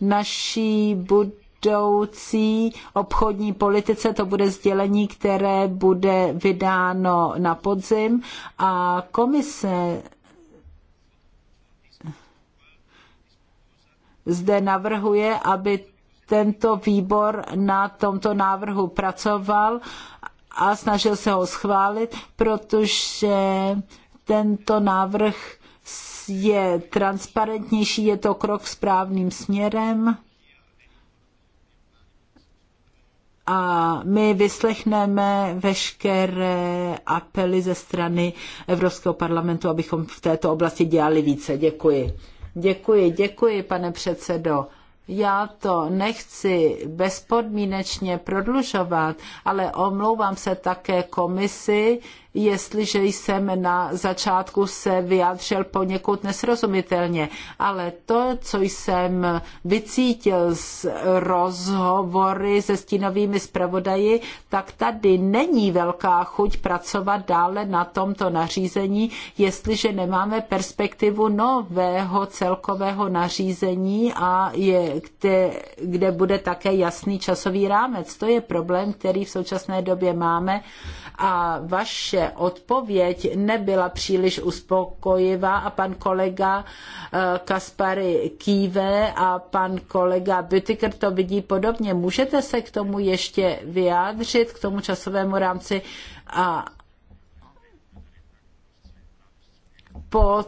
naší budoucí budoucí obchodní politice. To bude sdělení, které bude vydáno na podzim a komise zde navrhuje, aby tento výbor na tomto návrhu pracoval a snažil se ho schválit, protože tento návrh je transparentnější, je to krok správným směrem a my vyslechneme veškeré apely ze strany Evropského parlamentu, abychom v této oblasti dělali více. Děkuji. Děkuji, děkuji, pane předsedo. Já to nechci bezpodmínečně prodlužovat, ale omlouvám se také komisi, jestliže jsem na začátku se vyjádřil poněkud nesrozumitelně, ale to, co jsem vycítil z rozhovory se stínovými zpravodaji, tak tady není velká chuť pracovat dále na tomto nařízení, jestliže nemáme perspektivu nového celkového nařízení a je, kde, kde bude také jasný časový rámec. To je problém, který v současné době máme a vaše že odpověď nebyla příliš uspokojivá a pan kolega eh, Kaspary kýve a pan kolega Bütiker to vidí podobně. Můžete se k tomu ještě vyjádřit, k tomu časovému rámci a po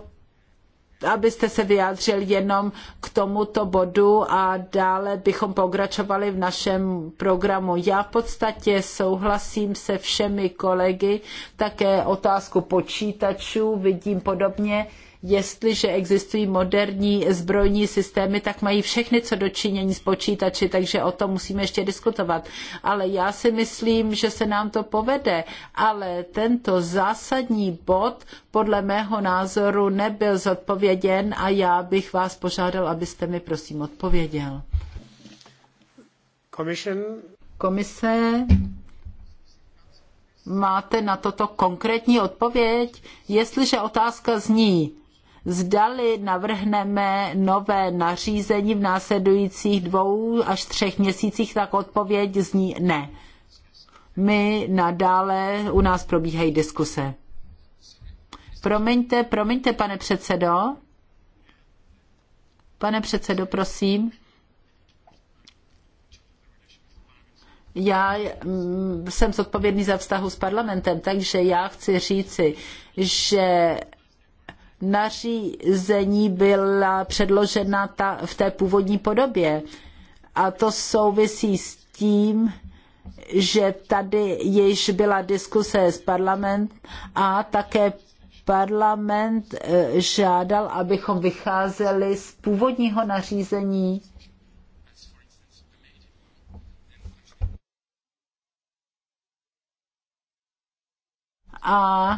abyste se vyjádřil jenom k tomuto bodu a dále bychom pokračovali v našem programu. Já v podstatě souhlasím se všemi kolegy, také otázku počítačů vidím podobně jestliže existují moderní zbrojní systémy, tak mají všechny co dočinění s počítači, takže o tom musíme ještě diskutovat. Ale já si myslím, že se nám to povede, ale tento zásadní bod podle mého názoru nebyl zodpověděn a já bych vás požádal, abyste mi prosím odpověděl. Commission. Komise, máte na toto konkrétní odpověď? Jestliže otázka zní, zdali navrhneme nové nařízení v následujících dvou až třech měsících, tak odpověď zní ne. My nadále, u nás probíhají diskuse. Promiňte, promiňte, pane předsedo. Pane předsedo, prosím. já jsem zodpovědný za vztahu s parlamentem, takže já chci říci, že nařízení byla předložena ta, v té původní podobě. A to souvisí s tím, že tady již byla diskuse s parlament a také parlament eh, žádal, abychom vycházeli z původního nařízení. A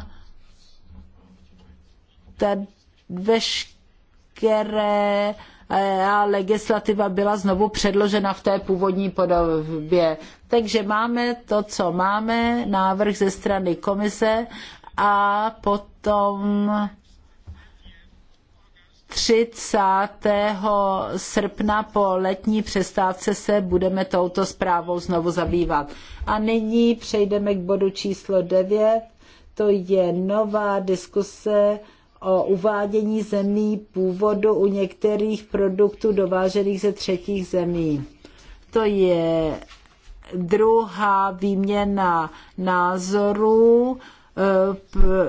tady veškeré eh, legislativa byla znovu předložena v té původní podobě. Takže máme to, co máme, návrh ze strany komise a potom 30. srpna po letní přestávce se budeme touto zprávou znovu zabývat. A nyní přejdeme k bodu číslo 9. To je nová diskuse o uvádění zemí původu u některých produktů dovážených ze třetích zemí. To je druhá výměna názorů.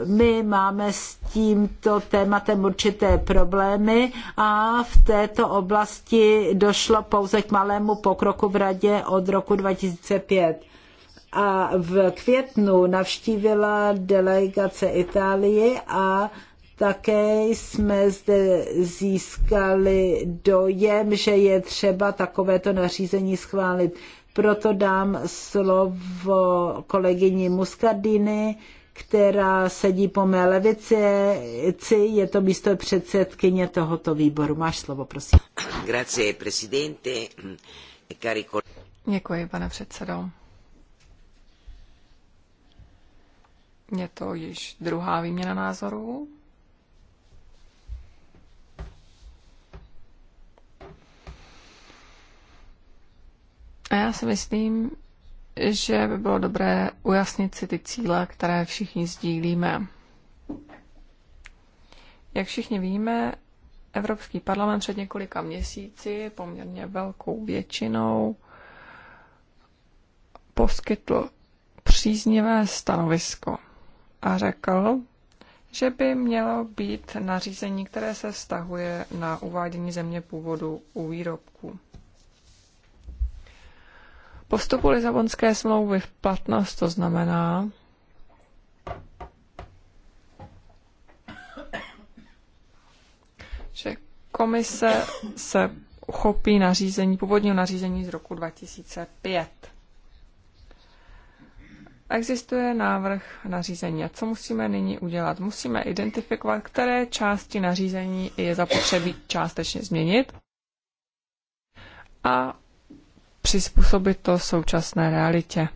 My máme s tímto tématem určité problémy a v této oblasti došlo pouze k malému pokroku v radě od roku 2005 a v květnu navštívila delegace Itálie a také jsme zde získali dojem, že je třeba takovéto nařízení schválit. Proto dám slovo kolegyni Muscardini, která sedí po mé levici, je to místo předsedkyně tohoto výboru. Máš slovo, prosím. Grazie, presidente. Děkuji, pane předsedo. Je to již druhá výměna názorů A já si myslím, že by bylo dobré ujasnit si ty cíle, které všichni sdílíme. Jak všichni víme, Evropský parlament před několika měsíci poměrně velkou většinou poskytl příznivé stanovisko a řekl, že by mělo být nařízení, které se vztahuje na uvádění země původu u výrobků. Po vstupu Lisabonské smlouvy v platnost to znamená, že komise se uchopí nařízení, původního nařízení z roku 2005. Existuje návrh nařízení. A co musíme nyní udělat? Musíme identifikovat, které části nařízení je zapotřebí částečně změnit a přizpůsobit to současné realitě.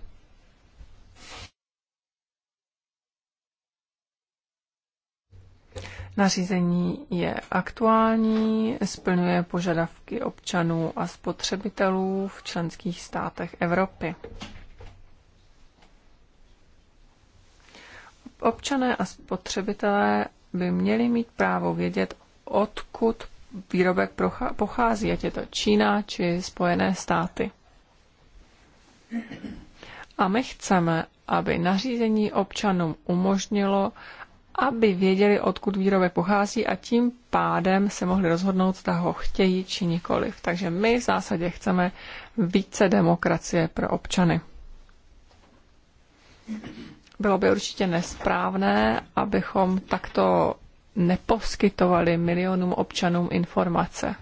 Nařízení je aktuální, splňuje požadavky občanů a spotřebitelů v členských státech Evropy. Občané a spotřebitelé by měli mít právo vědět, odkud výrobek pochází, ať je to Čína či Spojené státy. A my chceme, aby nařízení občanům umožnilo, aby věděli, odkud výrobek pochází a tím pádem se mohli rozhodnout, zda ho chtějí či nikoliv. Takže my v zásadě chceme více demokracie pro občany. Bylo by určitě nesprávné, abychom takto neposkytovali milionům občanům informace.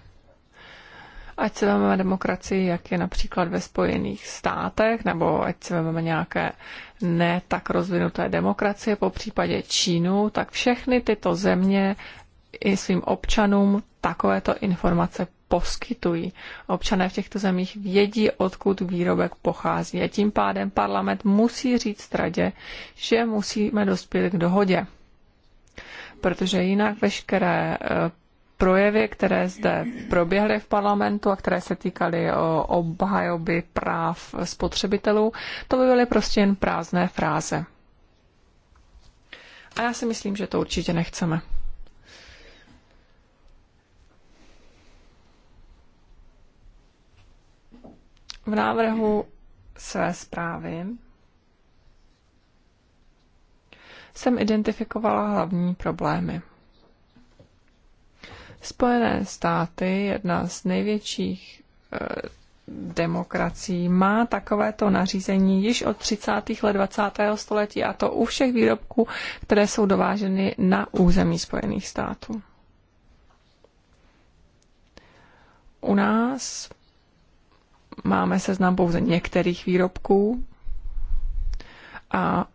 Ať se vezmeme demokracii, jak je například ve Spojených státech, nebo ať se vezmeme nějaké ne tak rozvinuté demokracie, po případě Čínu, tak všechny tyto země i svým občanům takovéto informace poskytují. Občané v těchto zemích vědí, odkud výrobek pochází a tím pádem parlament musí říct radě, že musíme dospět k dohodě protože jinak veškeré eh, projevy, které zde proběhly v parlamentu a které se týkaly eh, obhajoby práv spotřebitelů, to by byly prostě jen prázdné fráze. A já si myslím, že to určitě nechceme. V návrhu své zprávy jsem identifikovala hlavní problémy. Spojené státy, jedna z největších eh, demokracií má takovéto nařízení již od 30. let 20. století a to u všech výrobků, které jsou dováženy na území Spojených států. U nás máme seznam pouze některých výrobků a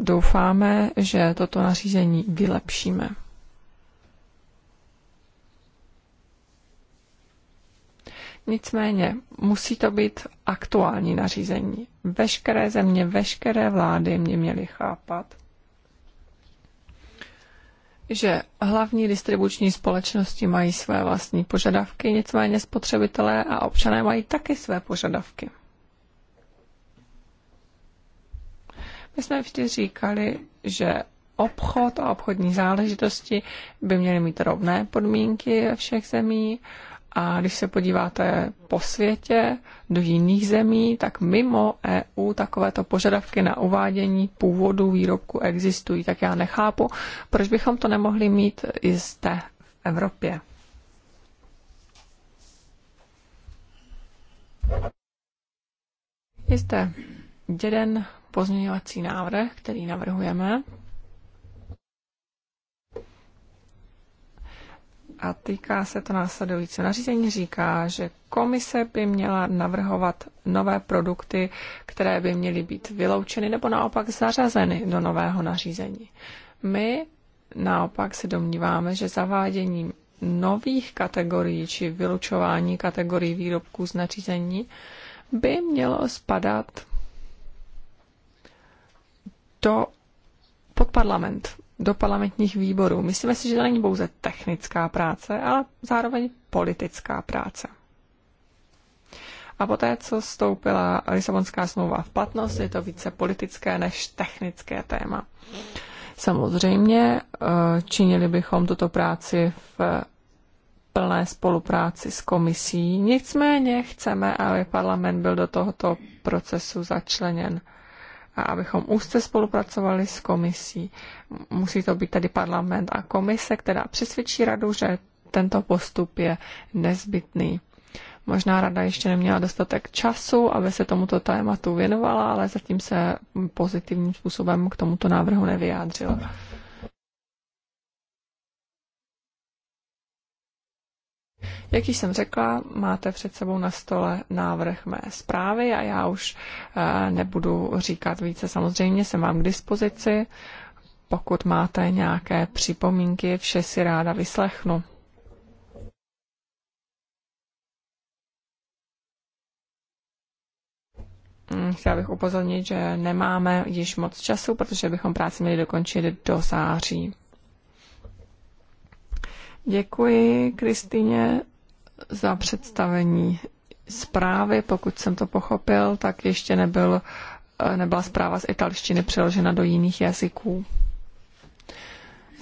doufáme, že toto nařízení vylepšíme. Nicméně musí to být aktuální nařízení. Veškeré země, veškeré vlády mě měly chápat, že hlavní distribuční společnosti mají své vlastní požadavky, nicméně spotřebitelé a občané mají taky své požadavky. My jsme vždy říkali, že obchod a obchodní záležitosti by měly mít rovné podmínky ve všech zemí. A když se podíváte po světě, do jiných zemí, tak mimo EU takovéto požadavky na uvádění původu výrobku existují. Tak já nechápu, proč bychom to nemohli mít i zde v Evropě. Jste jeden pozměňovací návrh, který navrhujeme. A týká se to následující. Nařízení říká, že komise by měla navrhovat nové produkty, které by měly být vyloučeny nebo naopak zařazeny do nového nařízení. My naopak se domníváme, že zaváděním nových kategorií či vylučování kategorií výrobků z nařízení by mělo spadat do pod parlament, do parlamentních výborů. Myslíme si, že to není pouze technická práce, ale zároveň politická práce. A poté, co stoupila Lisabonská smlouva v platnost, je to více politické než technické téma. Samozřejmě eh, činili bychom tuto práci v plné spolupráci s komisí, nicméně chceme, aby parlament byl do tohoto procesu začleněn a abychom úzce spolupracovali s komisí. Musí to být tedy parlament a komise, která přesvědčí radu, že tento postup je nezbytný. Možná rada ještě neměla dostatek času, aby se tomuto tématu věnovala, ale zatím se pozitivním způsobem k tomuto návrhu nevyjádřila. Jak již jsem řekla, máte před sebou na stole návrh mé zprávy a já už eh, nebudu říkat více. Samozřejmě jsem vám k dispozici. Pokud máte nějaké připomínky, vše si ráda vyslechnu. Hm, chtěla bych upozornit, že nemáme již moc času, protože bychom práci měli dokončit do září. Děkuji, Kristýně, za představení zprávy, pokud jsem to pochopil, tak ještě nebyl, eh, nebyla zpráva z italštiny přeložena do jiných jazyků.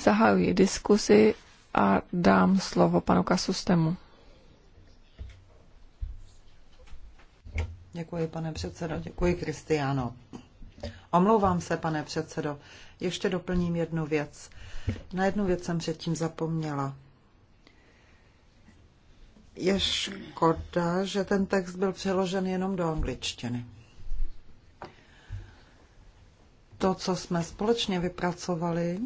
Zahajuji diskuzi a dám slovo panu Kasustemu. Děkuji, pane předsedo. Děkuji, Kristiáno. Omlouvám se, pane předsedo. Ještě doplním jednu věc. Na jednu věc jsem předtím zapomněla. Je škoda, že ten text byl přeložen jenom do angličtiny. To, co jsme společně vypracovali,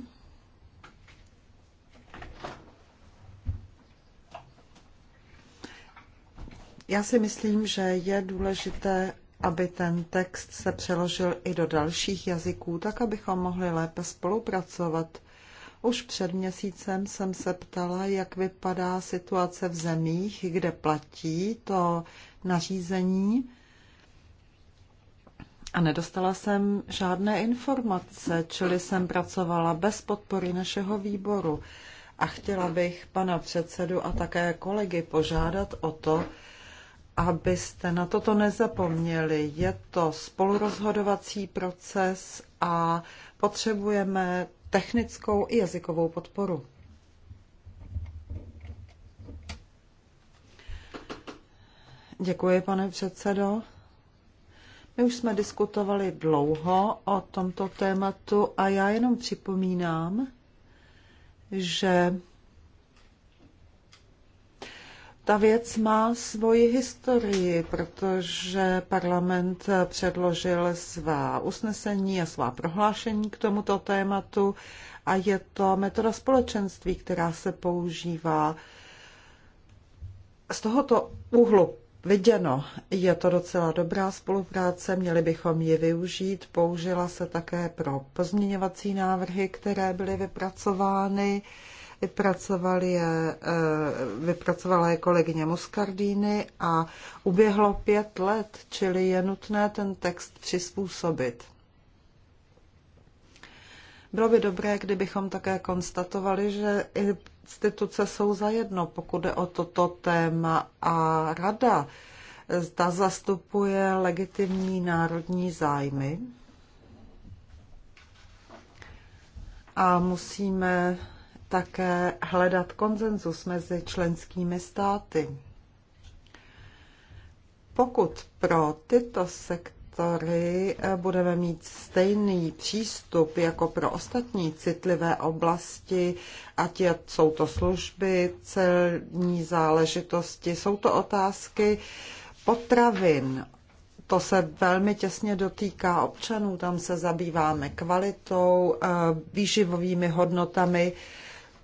Já si myslím, že je důležité, aby ten text se přeložil i do dalších jazyků, tak abychom mohli lépe spolupracovat. Už před měsícem jsem se ptala, jak vypadá situace v zemích, kde platí to nařízení a nedostala jsem žádné informace, čili jsem pracovala bez podpory našeho výboru. A chtěla bych pana předsedu a také kolegy požádat o to, abyste na toto nezapomněli. Je to spolurozhodovací proces a potřebujeme technickou i jazykovou podporu. Děkuji, pane předsedo. My už jsme diskutovali dlouho o tomto tématu a já jenom připomínám, že ta věc má svoji historii, protože parlament předložil svá usnesení a svá prohlášení k tomuto tématu a je to metoda společenství, která se používá. Z tohoto úhlu viděno je to docela dobrá spolupráce, měli bychom ji využít. Použila se také pro pozměňovací návrhy, které byly vypracovány. Vypracoval je, eh, vypracovala je kolegyně Muscardini a uběhlo pět let, čili je nutné ten text přizpůsobit. Bylo by dobré, kdybychom také konstatovali, že instituce jsou zajedno, pokud jde o toto téma a rada. Eh, zda zastupuje legitimní národní zájmy. A musíme také hledat konsenzus mezi členskými státy. Pokud pro tyto sektory eh, budeme mít stejný přístup jako pro ostatní citlivé oblasti, ať jsou to služby, celní záležitosti, jsou to otázky potravin, to se velmi těsně dotýká občanů, tam se zabýváme kvalitou, eh, výživovými hodnotami,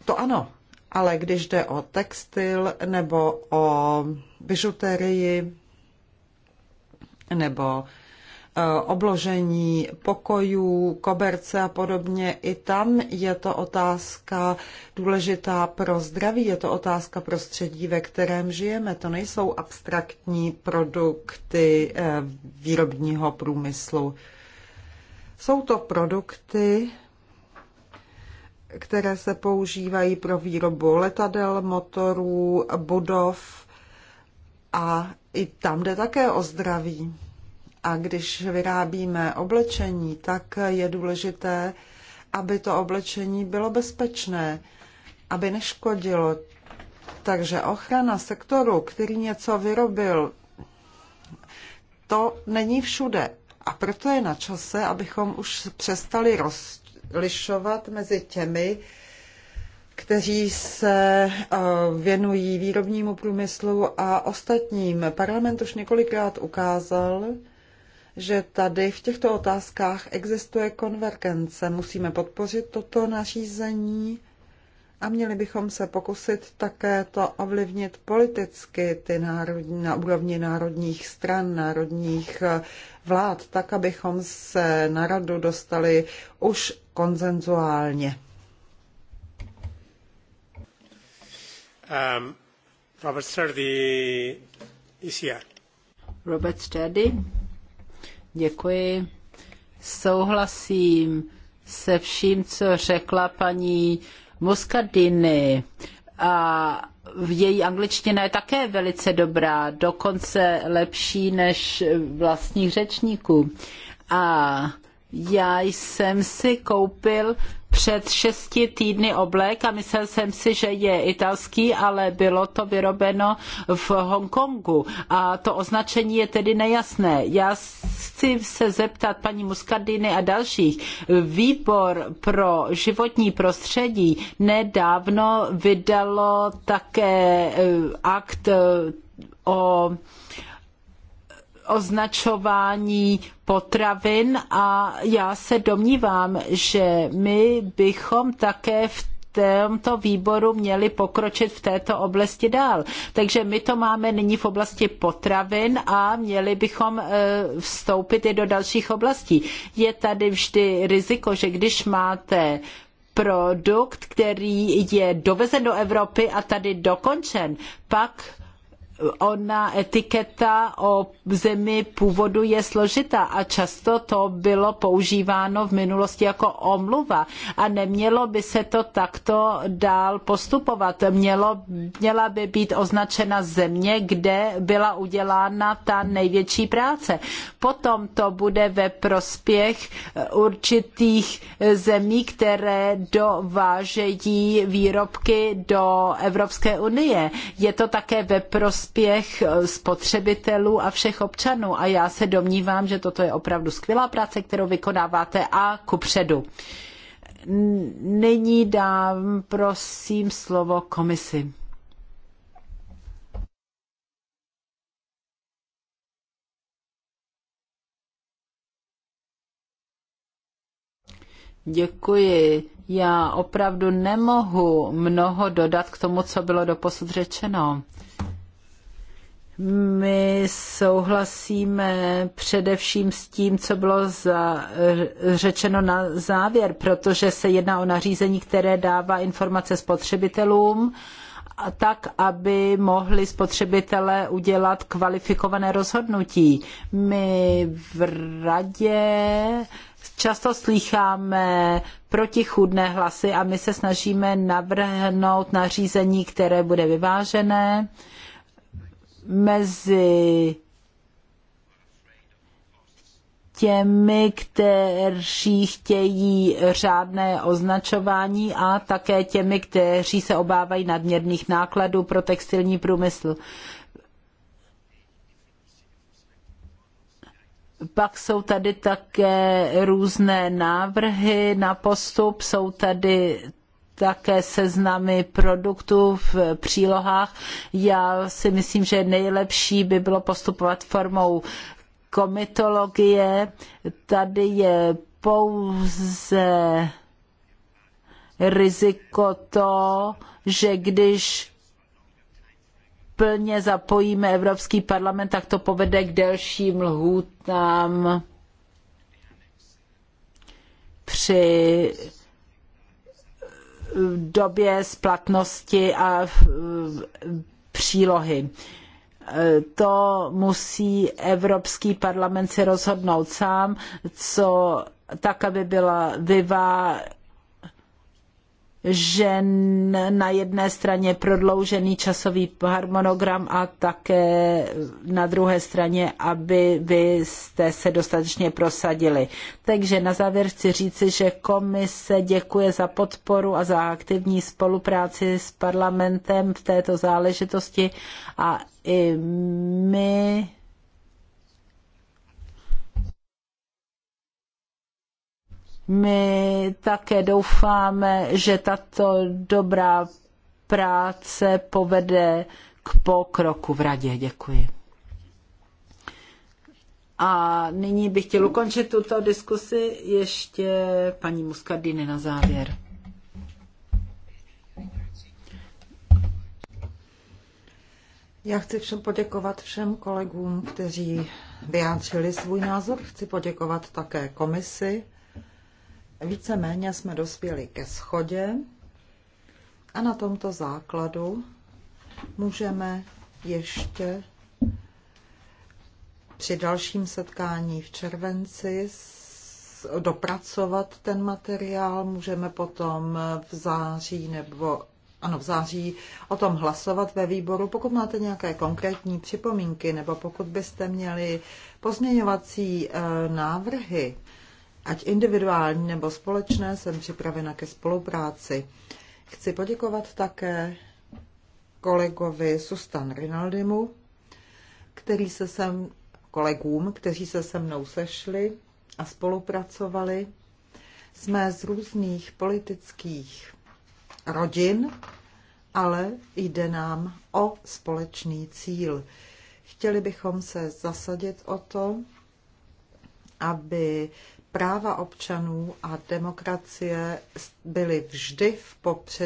to ano, ale když jde o textil nebo o bižuterii nebo e, obložení pokojů, koberce a podobně. I tam je to otázka důležitá pro zdraví, je to otázka prostředí, ve kterém žijeme. To nejsou abstraktní produkty e, výrobního průmyslu. Jsou to produkty, které se používají pro výrobu letadel, motorů, budov a i tam jde také o zdraví. A když vyrábíme oblečení, tak je důležité, aby to oblečení bylo bezpečné, aby neškodilo. Takže ochrana sektoru, který něco vyrobil, to není všude. A proto je na čase, abychom už přestali rost lišovat mezi těmi, kteří se eh, věnují výrobnímu průmyslu a ostatním. Parlament už několikrát ukázal, že tady v těchto otázkách existuje konvergence. Musíme podpořit toto nařízení a měli bychom se pokusit také to ovlivnit politicky ty národní, na úrovni národních stran, národních eh, vlád, tak abychom se na radu dostali už konzenzuálně. Um, Robert Sturdy, here. Robert Sturdy, děkuji. Souhlasím se vším, co řekla paní Muscadini a v její angličtina je také velice dobrá, dokonce lepší než vlastních řečníků. A já jsem si koupil před šesti týdny oblek a myslel jsem si, že je italský, ale bylo to vyrobeno v Hongkongu a to označení je tedy nejasné. Já chci se zeptat paní Muscardiny a dalších. Výbor pro životní prostředí nedávno vydalo také eh, akt eh, o označování potravin a já se domnívám, že my bychom také v tomto výboru měli pokročit v této oblasti dál. Takže my to máme nyní v oblasti potravin a měli bychom eh, vstoupit i do dalších oblastí. Je tady vždy riziko, že když máte produkt, který je dovezen do Evropy a tady dokončen, pak ona etiketa o zemi původu je složitá a často to bylo používáno v minulosti jako omluva a nemělo by se to takto dál postupovat. Mělo, měla by být označena země, kde byla udělána ta největší práce. Potom to bude ve prospěch určitých zemí, které dovážejí výrobky do Evropské unie. Je to také ve prospěch prospěch eh, spotřebitelů a všech občanů. A já se domnívám, že toto je opravdu skvělá práce, kterou vykonáváte a kupředu. Nyní dám, prosím, slovo komisi. Děkuji. Já opravdu nemohu mnoho dodat k tomu, co bylo doposud řečeno. My souhlasíme především s tím, co bylo za, řečeno na závěr, protože se jedná o nařízení, které dává informace spotřebitelům tak, aby mohli spotřebitelé udělat kvalifikované rozhodnutí. My v radě často slycháme protichůdné hlasy a my se snažíme navrhnout nařízení, které bude vyvážené mezi těmi, kteří chtějí řádné označování a také těmi, kteří se obávají nadměrných nákladů pro textilní průmysl. Pak jsou tady také různé návrhy na postup, jsou tady také seznamy produktů v přílohách. Já si myslím, že nejlepší by bylo postupovat formou komitologie. Tady je pouze riziko to, že když plně zapojíme Evropský parlament, tak to povede k delším lhůtám při době splatnosti a přílohy. To musí Evropský parlament si rozhodnout sám, co tak, aby byla vyvážena žen na jedné straně prodloužený časový harmonogram a také na druhé straně, aby byste se dostatečně prosadili. Takže na závěr chci říci, že komise děkuje za podporu a za aktivní spolupráci s parlamentem v této záležitosti a i my My také doufáme, že tato dobrá práce povede k pokroku v radě. Děkuji. A nyní bych chtěl ukončit tuto diskusi ještě paní Muscardini na závěr. Já chci všem poděkovat všem kolegům, kteří vyjádřili svůj názor. Chci poděkovat také komisi, Víceméně jsme dospěli ke schodě a na tomto základu můžeme ještě při dalším setkání v červenci dopracovat ten materiál. Můžeme potom v září nebo ano, v září o tom hlasovat ve výboru. Pokud máte nějaké konkrétní připomínky nebo pokud byste měli pozměňovací eh, návrhy, ať individuální nebo společné, jsem připravena ke spolupráci. Chci poděkovat také kolegovi Sustan Rinaldimu, který se sem, kolegům, kteří se se mnou sešli a spolupracovali. Jsme z různých politických rodin, ale jde nám o společný cíl. Chtěli bychom se zasadit o to, aby práva občanů a demokracie byly vždy v popředí.